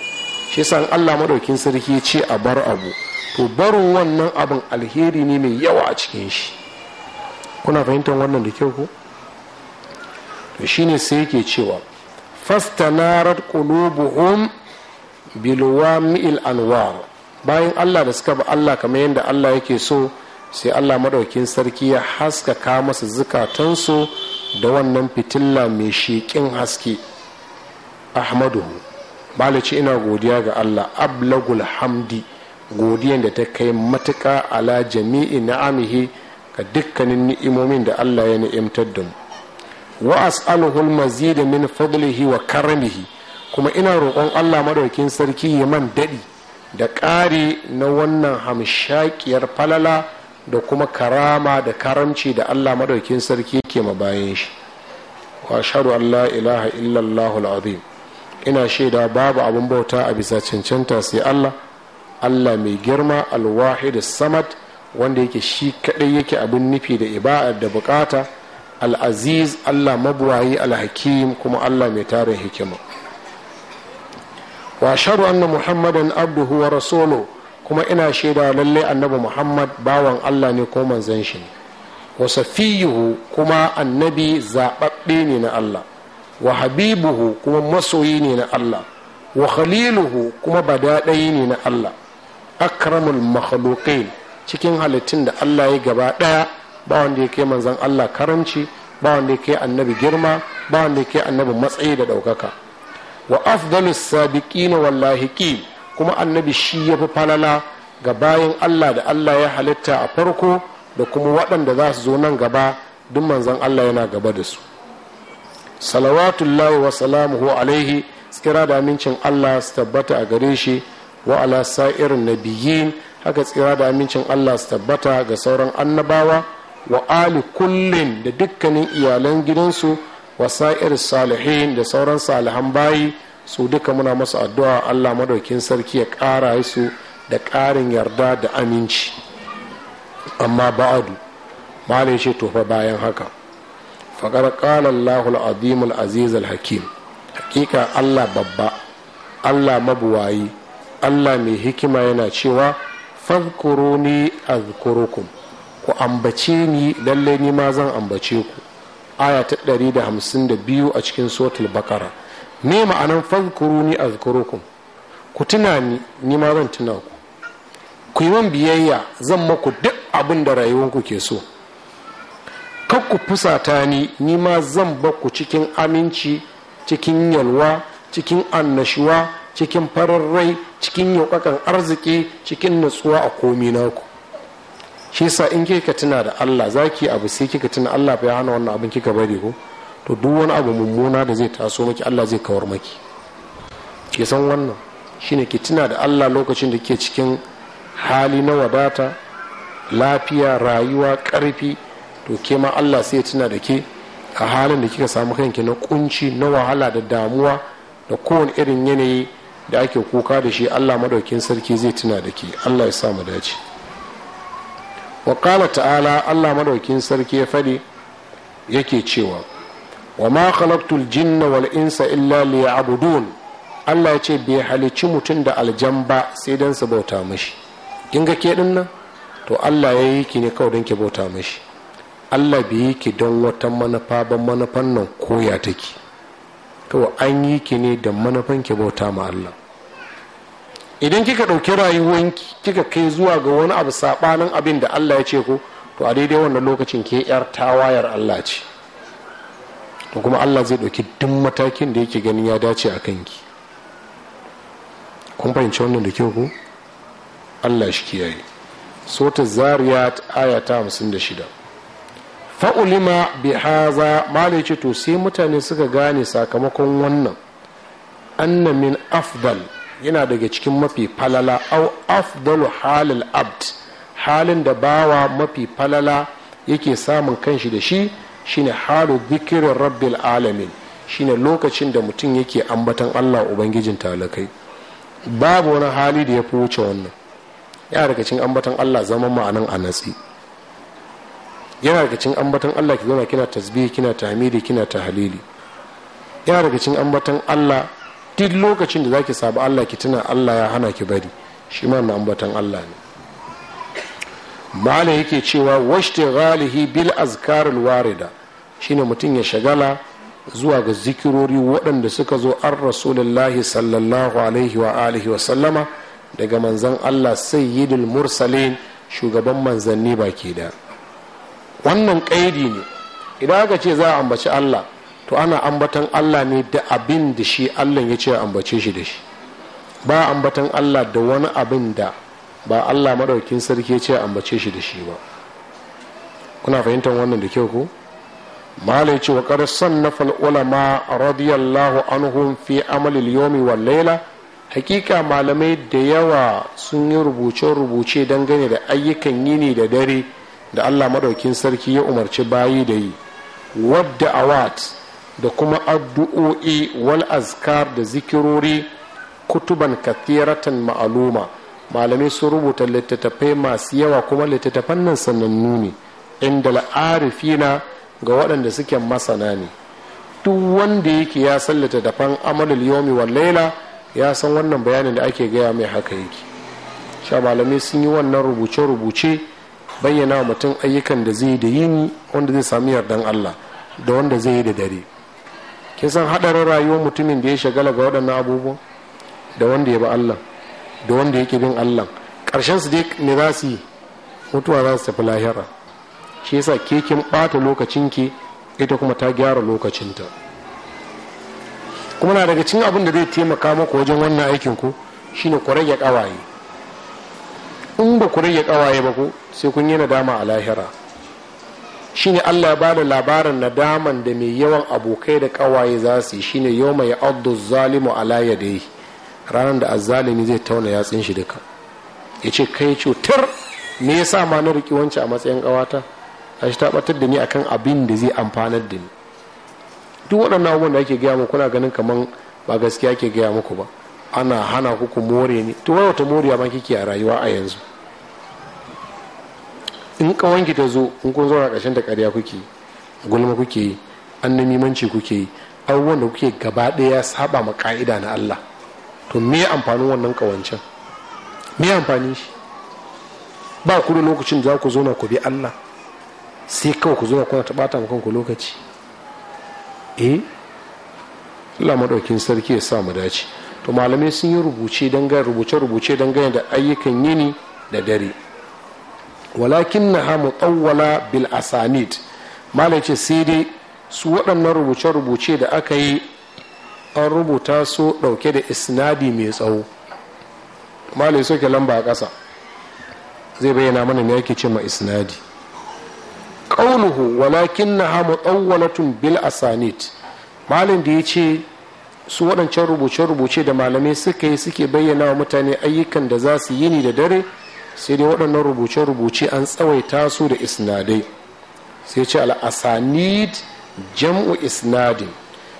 shi san Allah maɗaukin sarki ce a bar abu to barin wannan abin alheri ne mai yawa a cikin shi kuna fahimtar wannan da kyau ko to shine sai yake cewa fastanarat qulubuhum bilwami'il anwar bayan allah da suka ba allah kamar yadda allah yake so sai allah maɗaukin sarki ya haskaka masa zukatansu da wannan fitilla mai sheƙin haske ahmaduhu balici ina godiya ga allah ablagul hamdi godiyan da ta kai matuka ala jami'i na'amihi ga dukkanin ni'imomin da allah ya ni'imtar da mu wa as'aluhul da min fadlihi wa karamihi kuma ina roƙon allah maɗaukin sarki ya man daɗi da ƙari na wannan hamshakiyar falala da kuma karama da karamci da allah maɗaukin sarki ke bayan shi wa shaɗu allah ilaha illallah al'azim ina shaida babu abin bauta a bisa cancanta sai allah allah mai girma alwahid samad wanda yake shi kaɗai yake abin nufi da ibada da bukata al'aziz allah mabuwayi alhakim kuma allah mai tarin hikima wa sharu anna muhammadan abduhu wa rasulu kuma ina shaida lalle annabi muhammad bawan allah ne ko manzon shi wa safiyuhu kuma annabi zaɓaɓɓe ne na allah wa habibuhu kuma masoyi ne na allah wa khaliluhu kuma badaɗai ne na allah akramul makhluqin cikin halittun da allah ya gaba ɗaya ba wanda ya manzon allah karamci ba wanda ya annabi girma ba wanda ya annabi matsayi da ɗaukaka wa afdalus sabiqina ki kuma annabi shi ya fi falala ga bayan Allah da Allah ya halitta a farko da kuma waɗanda za su zo nan gaba duk manzon Allah yana gaba da su salawatullahi wa salamuhu alaihi tsira da amincin Allah su tabbata a gare shi wa ala sa'irin nabiyyin haka tsira da amincin Allah su tabbata ga sauran annabawa wa ali kullin da dukkanin iyalan gidansu wasa'ir salihin da sauran salihan bayi su duka muna masu addu'a allah madaukin sarki ya kara su da karin yarda da aminci amma ba'adu malin shi tofa bayan haka faƙar ƙalan lahul azimul aziz hakim hakika allah babba allah mabuwayi allah mai hikima yana cewa a azkurukum ku ambace ni lalle ni ma zan ambace ku aya ta da 152 a cikin sotul bakara ne ma'anan fankuru ni azkurukum ku tuna ni ni ma zan tuna ku ku yi man biyayya zan maku duk abin da rayuwanku ke so Kan ku fusata ni ni ma zan ba cikin aminci cikin yalwa cikin annashuwa cikin fararrai, cikin yaukakan arziki cikin natsuwa a komi naku shi sa in kika tuna da Allah za zaki abu sai kika tuna Allah bai hana wannan abin kika bari ko to duk wani abu mummuna da zai taso maki Allah zai kawar maki ki san wannan shine ki tuna da Allah lokacin da kike cikin hali na wadata lafiya rayuwa karfi to ke ma Allah sai ya tuna da ke a halin da kika samu kanki na kunci na wahala da damuwa da kowane irin yanayi da ake kuka da shi Allah madaukin sarki zai tuna da ke Allah ya sa mu dace wa kala ta'ala allah madaukin sarki ya faɗi yake cewa wa ma khalaqtul jinna wal insa illa liya'budun allah ya ce bai halici mutum da aljamba sai dan su bauta mashi kin ga ke nan to allah ya yi ki ne kawai don ki bauta mashi allah bai yi ki don wata manufa ba manufan nan koya take kawai an yi ki ne da manufan ki bauta ma allah idan kika ɗauki rayuwar kika kai zuwa ga wani abu saɓanin abin da allah ya ce ko to a daidai wannan lokacin ke yar tawayar allah ce to kuma allah zai ɗauki duk matakin da yake ganin ya dace a kanki kun fahimci wannan da kyau ko allah shi kiyaye sota zariyat aya ta hamsin da shida fa'ulima bi haza mala ce to sai mutane suka gane sakamakon wannan Annamin afdal yana daga cikin mafi falala au afdalu halil abd halin da bawa mafi falala yake samun kanshi da shi shine halu zikirin rabbil alamin shine lokacin da mutum yake ambatan allah ubangijin talakai babu wani hali da ya fi wuce wannan yana daga cikin ambatan allah zaman ma'anan a natsi yana daga cikin ambatan allah ki zama kina tasbihi kina tahmidi kina tahlili yana daga cikin ambatan allah duk lokacin da za ki sabu allah ki tuna allah ya hana ki bari shi ma na ambatan allah ne mala yake cewa washte ghalihi bil azkarul warida shine mutum ya shagala zuwa ga zikirori waɗanda suka zo an rasulullahi sallallahu alaihi wa alihi wa sallama daga manzan allah sayyidul mursalin shugaban manzanni baki da wannan ƙaidi ne idan aka ce za a ambaci allah to ana ambatan allah ne da abin da shi allah ya ce ambace shi da shi ba ambatan allah da wani abin da ba allah maɗaukin sarki ya ce ambace shi da shi ba kuna fahimtar wannan da kyau ko malai ce wa ƙar sannafa ulama radiyallahu anhum fi amalil yomi wal laila hakika malamai da yawa sun yi rubuce-rubuce dangane da ayyukan yini da dare da allah maɗaukin sarki ya umarci bayi da yi wadda awat da kuma addu'o'i wal azkar da zikirori kutuban kathiratan ma'aluma malamai sun rubuta littattafai masu yawa kuma littattafan nan sanannu ne inda la'arifina ga waɗanda suke masana ne duk wanda yake ya san littattafan amalul yomi wal laila ya san wannan bayanin da ake gaya mai haka yake sha malamai sun yi wannan rubuce-rubuce bayyana mutum ayyukan da zai da yini wanda zai sami yardan allah da wanda zai yi da dare kin san hadarin rayuwar mutumin da ya shagala ga waɗannan abubuwan da wanda ya ba Allah da wanda ya bin Allah ƙarshen su dai ne za su yi mutuwa za su tafi lahira shi yasa ke kin ɓata ke ita kuma ta gyara lokacinta kuma na daga cikin abin da zai taimaka maka wajen wannan aikin ku shine ku rage ƙawaye in ba ku rage ƙawaye ba ku sai kun yi nadama a lahira shine Allah ya bada labarin nadaman da mai yawan abokai da kawaye za su yi shine yau mai addu zalimu ala yi ranar da azzalimi zai tauna yatsun shi duka ya ce kai cutar me yasa ma na riki wance a matsayin kawata a shi tabbatar da ni akan abin da zai amfanar da ni duk waɗannan abubuwan da ake gaya muku kuna ganin kaman ba gaskiya ke gaya muku ba ana hana ku more ni to wai wata moriya ma kike a rayuwa a yanzu in kawanki ta zo in kun zauna ƙarshen da ƙarya kuke gulma kuke yi mimanci kuke yi abubuwan da kuke gaba ɗaya saba ma ka'ida na Allah to me amfanin wannan kawancen me amfani shi ba ku da lokacin da za ku zauna ku bi Allah sai kawai ku zauna kuna taɓata ma kanku lokaci eh Allah maɗaukin sarki ya sa mu dace to malamai sun yi rubuce dangane rubuce-rubuce dangane da ayyukan yini da dare walakin na hamu mutsawwala bil asanid malace sai dai su waɗannan rubuce-rubuce da aka yi an rubuta su ɗauke da isnadi mai tsawo mala soke lamba a ƙasa zai bayyana mana ne yake cima ma isnadi ƙaunuhu walakin na ha tun bil asanid malin da ya ce su waɗancan rubuce-rubuce da malamai suka yi suke bayyana wa mutane ayyukan da za su yi ni da dare sai dai waɗannan rubuce-rubuce an tsawaita su da isnadai sai ce al-asanid jam'u isnadin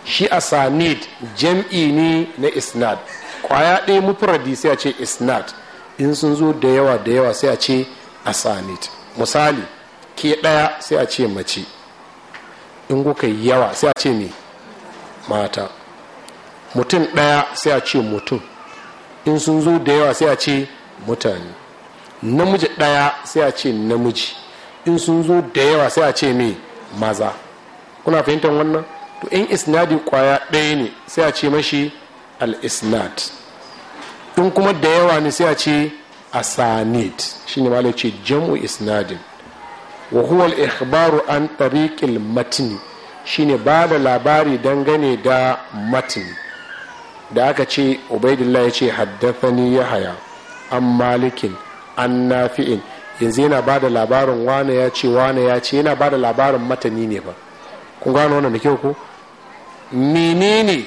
shi asanid jam'i ne na isnad kwaya ɗaya mufradi sai a ce isnad in sun zo da yawa da yawa sai a ce asanid misali ke ɗaya sai a ce mace in kuka yi yawa sai a ce ne mata mutum ɗaya sai a ce mutum in sun zo da yawa sai a ce mutane namiji ɗaya sai a ce namiji in sun zo da yawa sai a ce me maza kuna fahimtar wannan to in isnadi kwaya ɗaya ne sai a ce mashi al-isnad in kuma da yawa ne sai a ce asanid shine malai ce jam'u isnadin wa huwa al-ikhbaru an tariqil matni shine ba da labari dangane da matni da aka ce ubaidullahi ya ce haddathani yahaya an malikin annafi'in yanzu yana ba da labarin wane ya ce wane ya ce yana ba da labarin matani ne ba kun gano wannan da kyau ko menene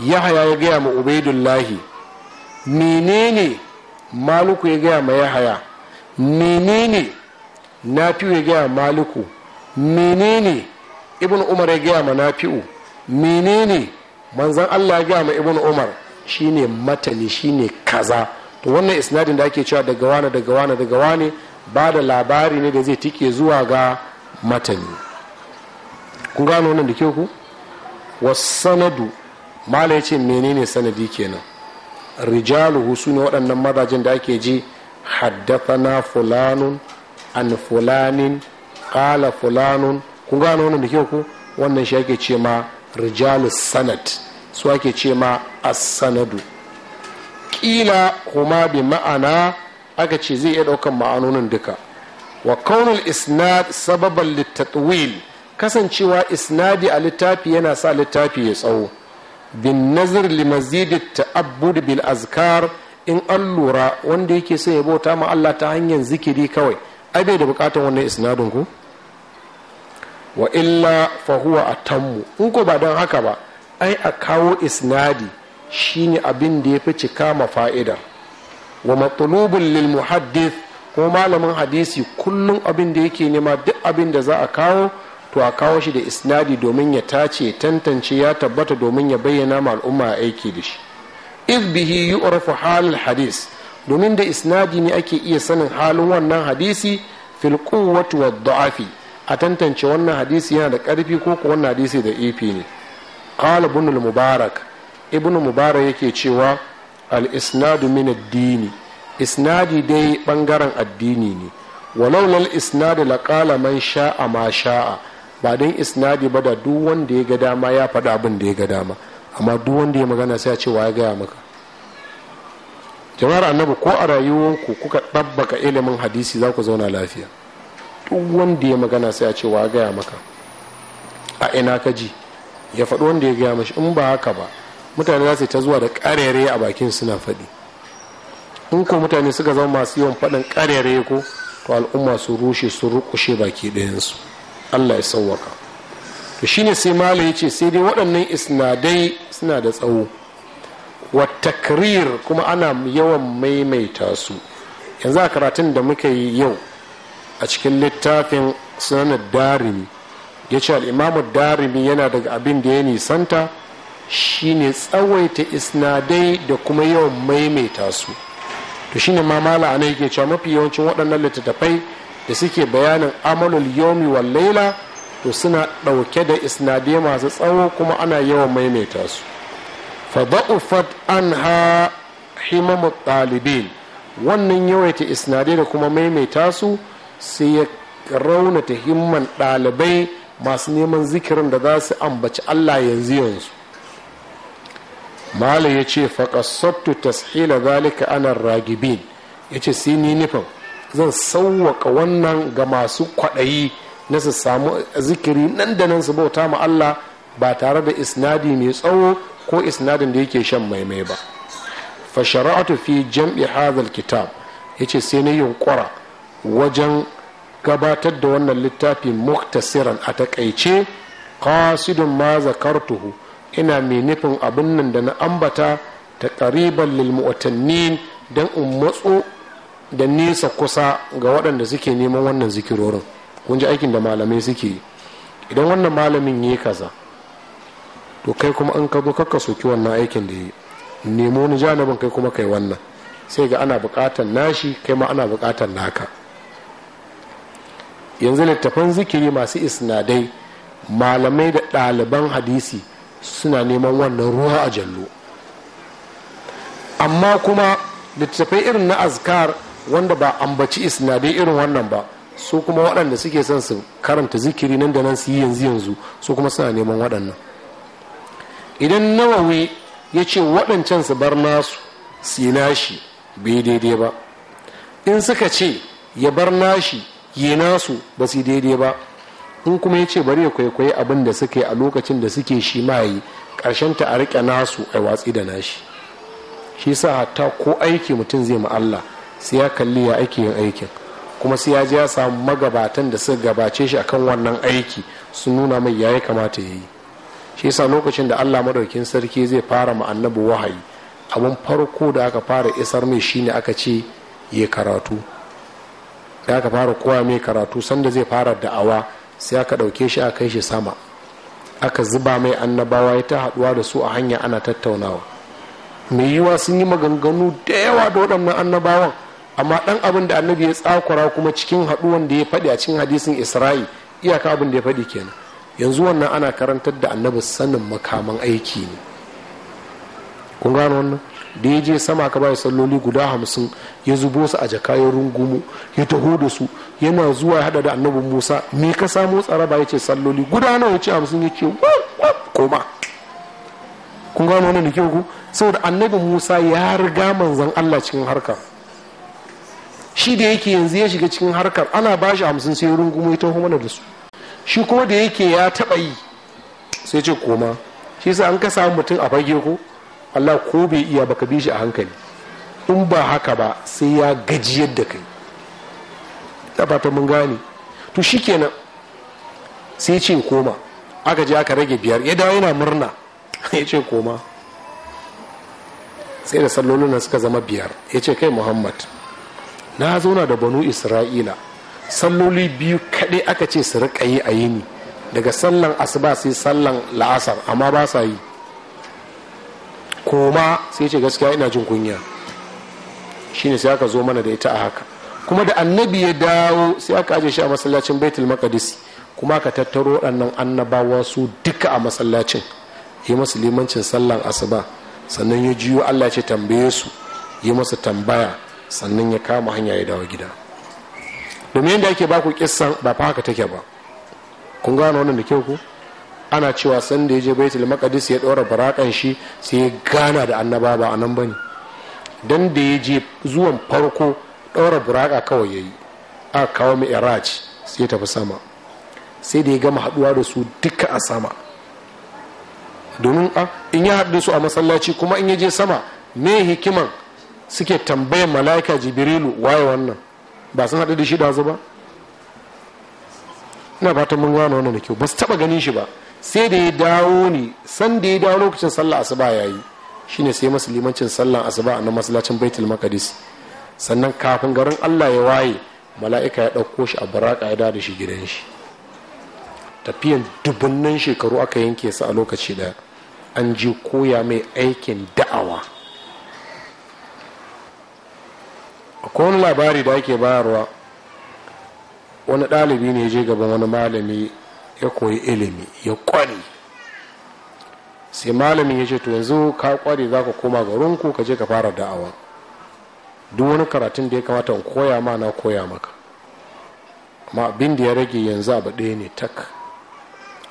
yahaya ya gaya ma ubaidullahi menene maluku ya gaya ma yahaya menene nafi'u ya gaya maluku menene ibn umar ya gaya ma nafi'u menene manzan allah ya gaya ma ibn umar shine matani shine kaza to wannan isnadin da ake cewa daga wane daga wane daga wane ba da labari ne da zai tike zuwa ga matani kun gano wannan da ke ku wasanadu mala ya ce menene sanadi kenan Rijalu su ne waɗannan mazajen da ake ji haddathana fulanun an fulanin ƙala fulanun kun gano wannan da ke ku wannan shi ake ce ma rijalus sanad su ake ce ma as-sanadu ƙila kuma bi ma'ana aka ce zai iya ɗaukan ma'anonin duka wa kaunul isnad sababan littatwil kasancewa isnadi a littafi yana sa littafi ya tsawo bin nazir li ta'abbud bil azkar in allura wanda yake so ya bauta ma Allah ta hanyar zikiri kawai ai bai da bukatar wannan isnadin ku wa illa fa huwa atammu in ko ba don haka ba ai a kawo isnadi shine abin da ya fi cika ma fa'ida wa matsalubin lil muhaddith ko malamin hadisi kullum abin da yake nema duk abin da za a kawo to a kawo shi da isnadi domin ya tace tantance ya tabbata domin ya bayyana ma al'umma aiki da shi iz bihi yu'rafu halul hadis domin da isnadi ne ake iya sanin halin wannan hadisi fil quwwati wad da'afi a tantance wannan hadisi yana da karfi ko ko wannan hadisi da ifi ne qala ibn mubarak ibn mubarak yake cewa al-isnadu min ad-dini isnadi dai bangaren addini ne walau lal isnadi qala man sha'a ma sha'a ba dan isnadi ba da duk wanda ya ga dama ya faɗa abin da ya ga dama amma duk wanda ya magana sai ya ce wa ya gaya maka jama'ar annabi ko a rayuwanku kuka ɗabbaka ilimin hadisi za ku zauna lafiya duk wanda ya magana sai ya ce wa ya gaya maka a ina ka ji ya faɗi wanda ya gaya mashi in ba haka ba mutane za su ta zuwa da ƙarere a bakin suna faɗi in ko mutane suka zama masu yawan faɗin ƙarere ko to al'umma su rushe su rukushe baki ɗayansu allah ya sauwaka to shine sai mala ya ce sai dai waɗannan isnadai suna da tsawo wa takrir kuma ana yawan maimaita su yanzu a karatun da muka yi yau a cikin littafin sunanar darimi ya ce al'imamu darimi yana daga abin da ya nisanta shine tsawaita isnadai da kuma yawan maimaita su to shine ma mala ana yake cewa mafi yawancin waɗannan littattafai da suke bayanin amalul yomi wal laila to suna ɗauke da isnadai masu tsawo kuma ana yawan maimaita su fa da'ufat anha himamu ɗalibin wannan yawaita isnadai da kuma maimaita su sai ya raunata himman ɗalibai masu neman zikirin da za su ambaci allah yanzu yanzu malam ya ce faƙasattu tashila zalika ana ragibin ya ce sai nufin zan sauwaka wannan ga masu kwaɗayi na su samu zikiri nan da nan su bauta ma Allah ba tare da isnadi mai tsawo ko isnadin da yake shan maimai ba fa shara'atu fi jam'i hadhal kitab yace sai na yunkura wajen gabatar da wannan littafi muktasiran a takaice qasidun ma zakartuhu ina mai nufin abin nan da na ambata ta ƙariban lilmuwatanni don in matso da nesa kusa ga waɗanda suke neman wannan zikirorin kun ji aikin da malamai suke idan wannan malamin ya kaza to kai kuma an ka kakka soki wannan aikin da ya nemo wani janibin kai kuma kai wannan sai ga ana buƙatar nashi kai ma ana buƙatar naka yanzu littafan zikiri masu isnadai malamai da ɗaliban hadisi suna neman wannan ruwa a jallo amma kuma littattafai irin na azkar wanda ba ambaci isnadai irin wannan ba su kuma waɗanda suke son su karanta zikiri nan da nan su yi yanzu yanzu su kuma suna neman waɗannan idan nawawi ya ce waɗancan su bar nasu su yi nashi bai daidai ba in suka ce ya bar nashi yi nasu ba su yi daidai ba in kuma ya ce bari ya kwaikwayi abin da suke a lokacin da suke shi mayi ƙarshen ta a riƙe nasu a watsi da nashi shi sa hatta ko aiki mutum zai Allah sai ya kalli ya aiki yin aikin kuma sai ya ji ya samu magabatan da suka gabace shi akan wannan aiki sun nuna mai ya kamata ya yi shi sa lokacin da Allah madaukin sarki zai fara ma annabi wahayi abin farko da aka fara isar mai shine aka ce ya karatu da aka fara kowa mai karatu sanda zai fara da'awa sai aka ɗauke shi a kai shi sama aka zuba mai annabawa ya ta haɗuwa da su a hanya ana tattaunawa mai yiwa sun yi maganganu da yawa da waɗannan annabawan amma ɗan abin da annabi ya tsakura kuma cikin haɗuwan da ya faɗi a cikin hadisin isra'i iyaka abin da ya faɗi kenan yanzu wannan ana karantar da annabi sanin makaman aiki ne kun gano wannan da ya je sama ka bai salloli guda hamsin ya zubo su a jaka ya rungumu ya taho da su yana zuwa ya hada da annabin musa me ka samo ba ya ce salloli guda nawa ya ce hamsin ya ce koma kun gano wannan da kyau ku saboda annabin musa ya riga manzan allah cikin harkar shi da yake yanzu ya shiga cikin harkar ana ba shi hamsin sai rungumo ya taho mana da su shi kuma da yake ya taba yi sai ce koma shi sa an ka samu mutum a fage ko Allah ko bai iya baka bi shi a hankali in ba haka ba sai ya gaji yadda kai da fata mun gane to shikenan sai ce koma aka je aka rage biyar ya dawo yana murna ya ce koma sai da sallolin suka zama biyar ya ce kai muhammad na zauna da banu isra'ila salloli biyu kaɗai aka ce su riƙa yi a yini daga sallan asuba sai sallan la'asar amma ba sa yi koma sai ce gaskiya ina jin kunya shine sai aka zo mana da ita a haka kuma da annabi ya dawo sai aka ajiye shi a masallacin baitul maqdis kuma ka tattaro waɗannan annabawa su duka a masallacin yi masu limancin sallan asuba sannan ya jiyo allah ce tambaye su yi masu tambaya sannan ya kama hanya ya dawo gida domin yadda ake baku kissan ba fa haka take ba kun gano wannan da kyau ko. ana cewa san da ya je baitul maqdis ya ɗora barakan shi sai ya gana da annaba ba anan bane dan da ya je zuwan farko ɗora buraka kawai yayi a kawo mai iraj sai tafi sama sai da ya gama haɗuwa da su duka a sama domin in ya haɗu su a masallaci kuma in ya je sama me hikiman suke tambayan mala'ika jibrilu waye wannan ba sun haɗu da shi da ba ina fatan mun gano wannan da kyau ba su taɓa ganin shi ba sai da ya dawo ne san da ya dawo lokacin sallah asuba ya yi shine sai masa limancin sallan asuba a nan masallacin baitul maqdis sannan kafin garin allah ya waye mala'ika ya ɗauko shi a baraka ya da shi gidan shi tafiyan dubunnan shekaru aka yanke su a lokaci da an ji koya mai aikin da'awa akwai wani labari da ake bayarwa wani ɗalibi ne ya je gaban wani malami ya koyi ilimi ya kware sai malamin ya ce to yanzu ka kware za ka koma garinku ka je ka fara da'awa duk wani karatun da ya kamata in koya ma na koya maka amma abin da ya rage yanzu abu ɗaya ne tak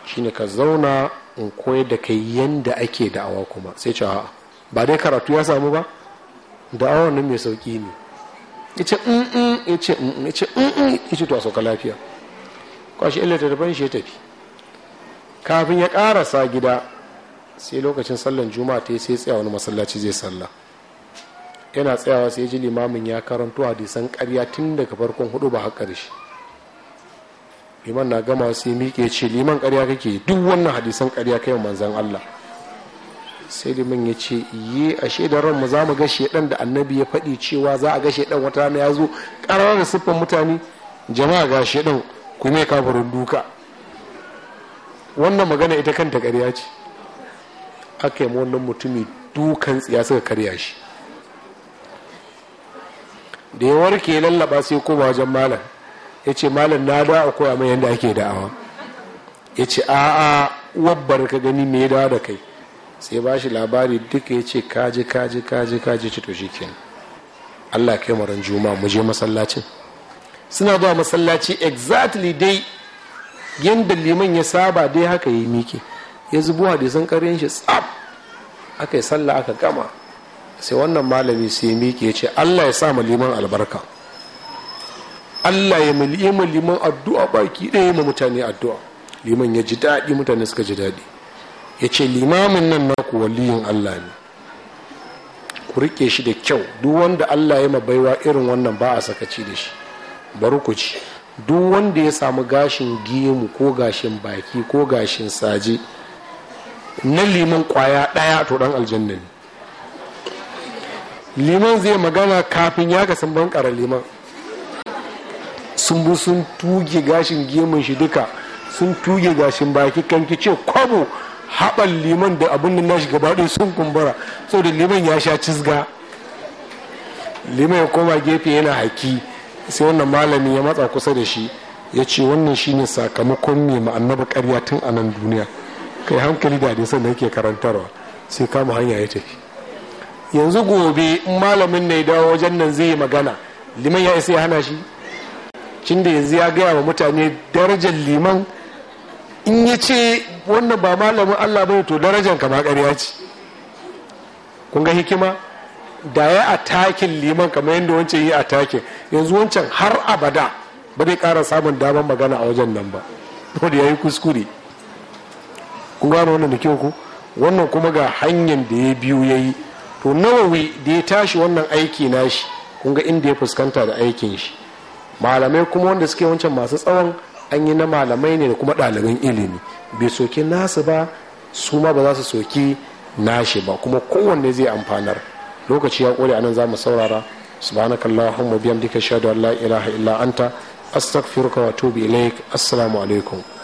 shine ka zauna in koyar da kai yanda ake da'awa kuma sai ce ba dai karatu ya samu ba da'awa nan mai sauki ne ya ce in in ya ce in in ya ce in in ya ce to a sauka lafiya kwashi da tattafan shi ya tafi kafin ya karasa gida sai lokacin sallan juma'a ta yi sai tsaya wani masallaci zai salla yana tsayawa sai ji limamin ya karanto hadisan karya tun daga farkon hudu ba har shi. liman na gama sai miƙe ce liman karya kake duk wannan hadisan karya kai manzan Allah sai liman ya ce yi a shaidar ranmu za mu ga shaidan da annabi ya faɗi cewa za a ga shaidan wata rana ya zo ƙarar da siffan mutane jama'a ga shaidan kuma ya kafirin duka wannan magana ita kanta karya ce aka yi wannan mutumi dukan tsiya suka karya shi da ya warke lallaba sai koma wajen malam ya ce malam na da a koya mai yadda ake da'awa ya ce a'a wabbar ka gani me dawa da kai sai ba shi labari duka ya ce kaji kaji kaji kaji ci to shi kenan allah kai maran juma mu masallacin suna zuwa masallaci exactly dai yadda liman ya saba dai haka ya mike ya zubo hadisan karyar shi tsaf aka yi sallah aka gama sai wannan malami sai ya mike ya ce allah ya sa ma liman albarka allah ya ma liman addu'a baki ɗaya ma mutane addu'a liman ya ji daɗi mutane suka ji daɗi ya ce limamin nan na naku waliyin allah ne ku rike shi da kyau duk wanda allah ya ma baiwa irin wannan ba a sakaci da shi bari ku ci duk wanda ya samu gashin gemu ko gashin baki ko gashin saje na liman kwaya ɗaya to ɗan aljanna ne liman zai magana kafin ya ga sun bankara liman sun bu sun tuge gashin gemun shi duka sun tuge gashin baki kan ki ce kwabo haɓar liman da abin da nashi gaba ɗaya sun kumbura saboda liman ya sha cizga liman ya koma gefe yana haki sai wannan malami ya matsa kusa da shi ya ce wannan shine sakamakon mai ma'annaba karya tun a nan duniya kai hankali da hadisan sannan yake karantarwa sai kama hanya ya tafi yanzu gobe in malamin ne dawo wajen nan zai yi magana liman ya isa ya hana shi cin da yanzu ya gaya wa mutane darajar liman in ya ce wannan ba malamin allah bai to darajar kama karya ce kun ga hikima da ya takin liman kamar yadda wancan yi atakin yanzu wancan har abada ba zai kara samun damar magana a wajen nan ba da ya yi kuskure ku gano wannan da ku wannan kuma ga hanyar da ya biyu ya yi to nawawi da ya tashi wannan aiki nashi kun ga inda ya fuskanta da aikin shi malamai kuma wanda suke wancan masu tsawon an yi na malamai ne da kuma ɗaliban ilimi bai soki nasu ba su ma ba za su soki nashi ba kuma kowanne zai amfanar lokaci ya kore anan zamu saurara subhanakallahumma bihamdika ashhadu an la ilaha illa anta astaghfiruka wa atubu ilaik assalamu alaikum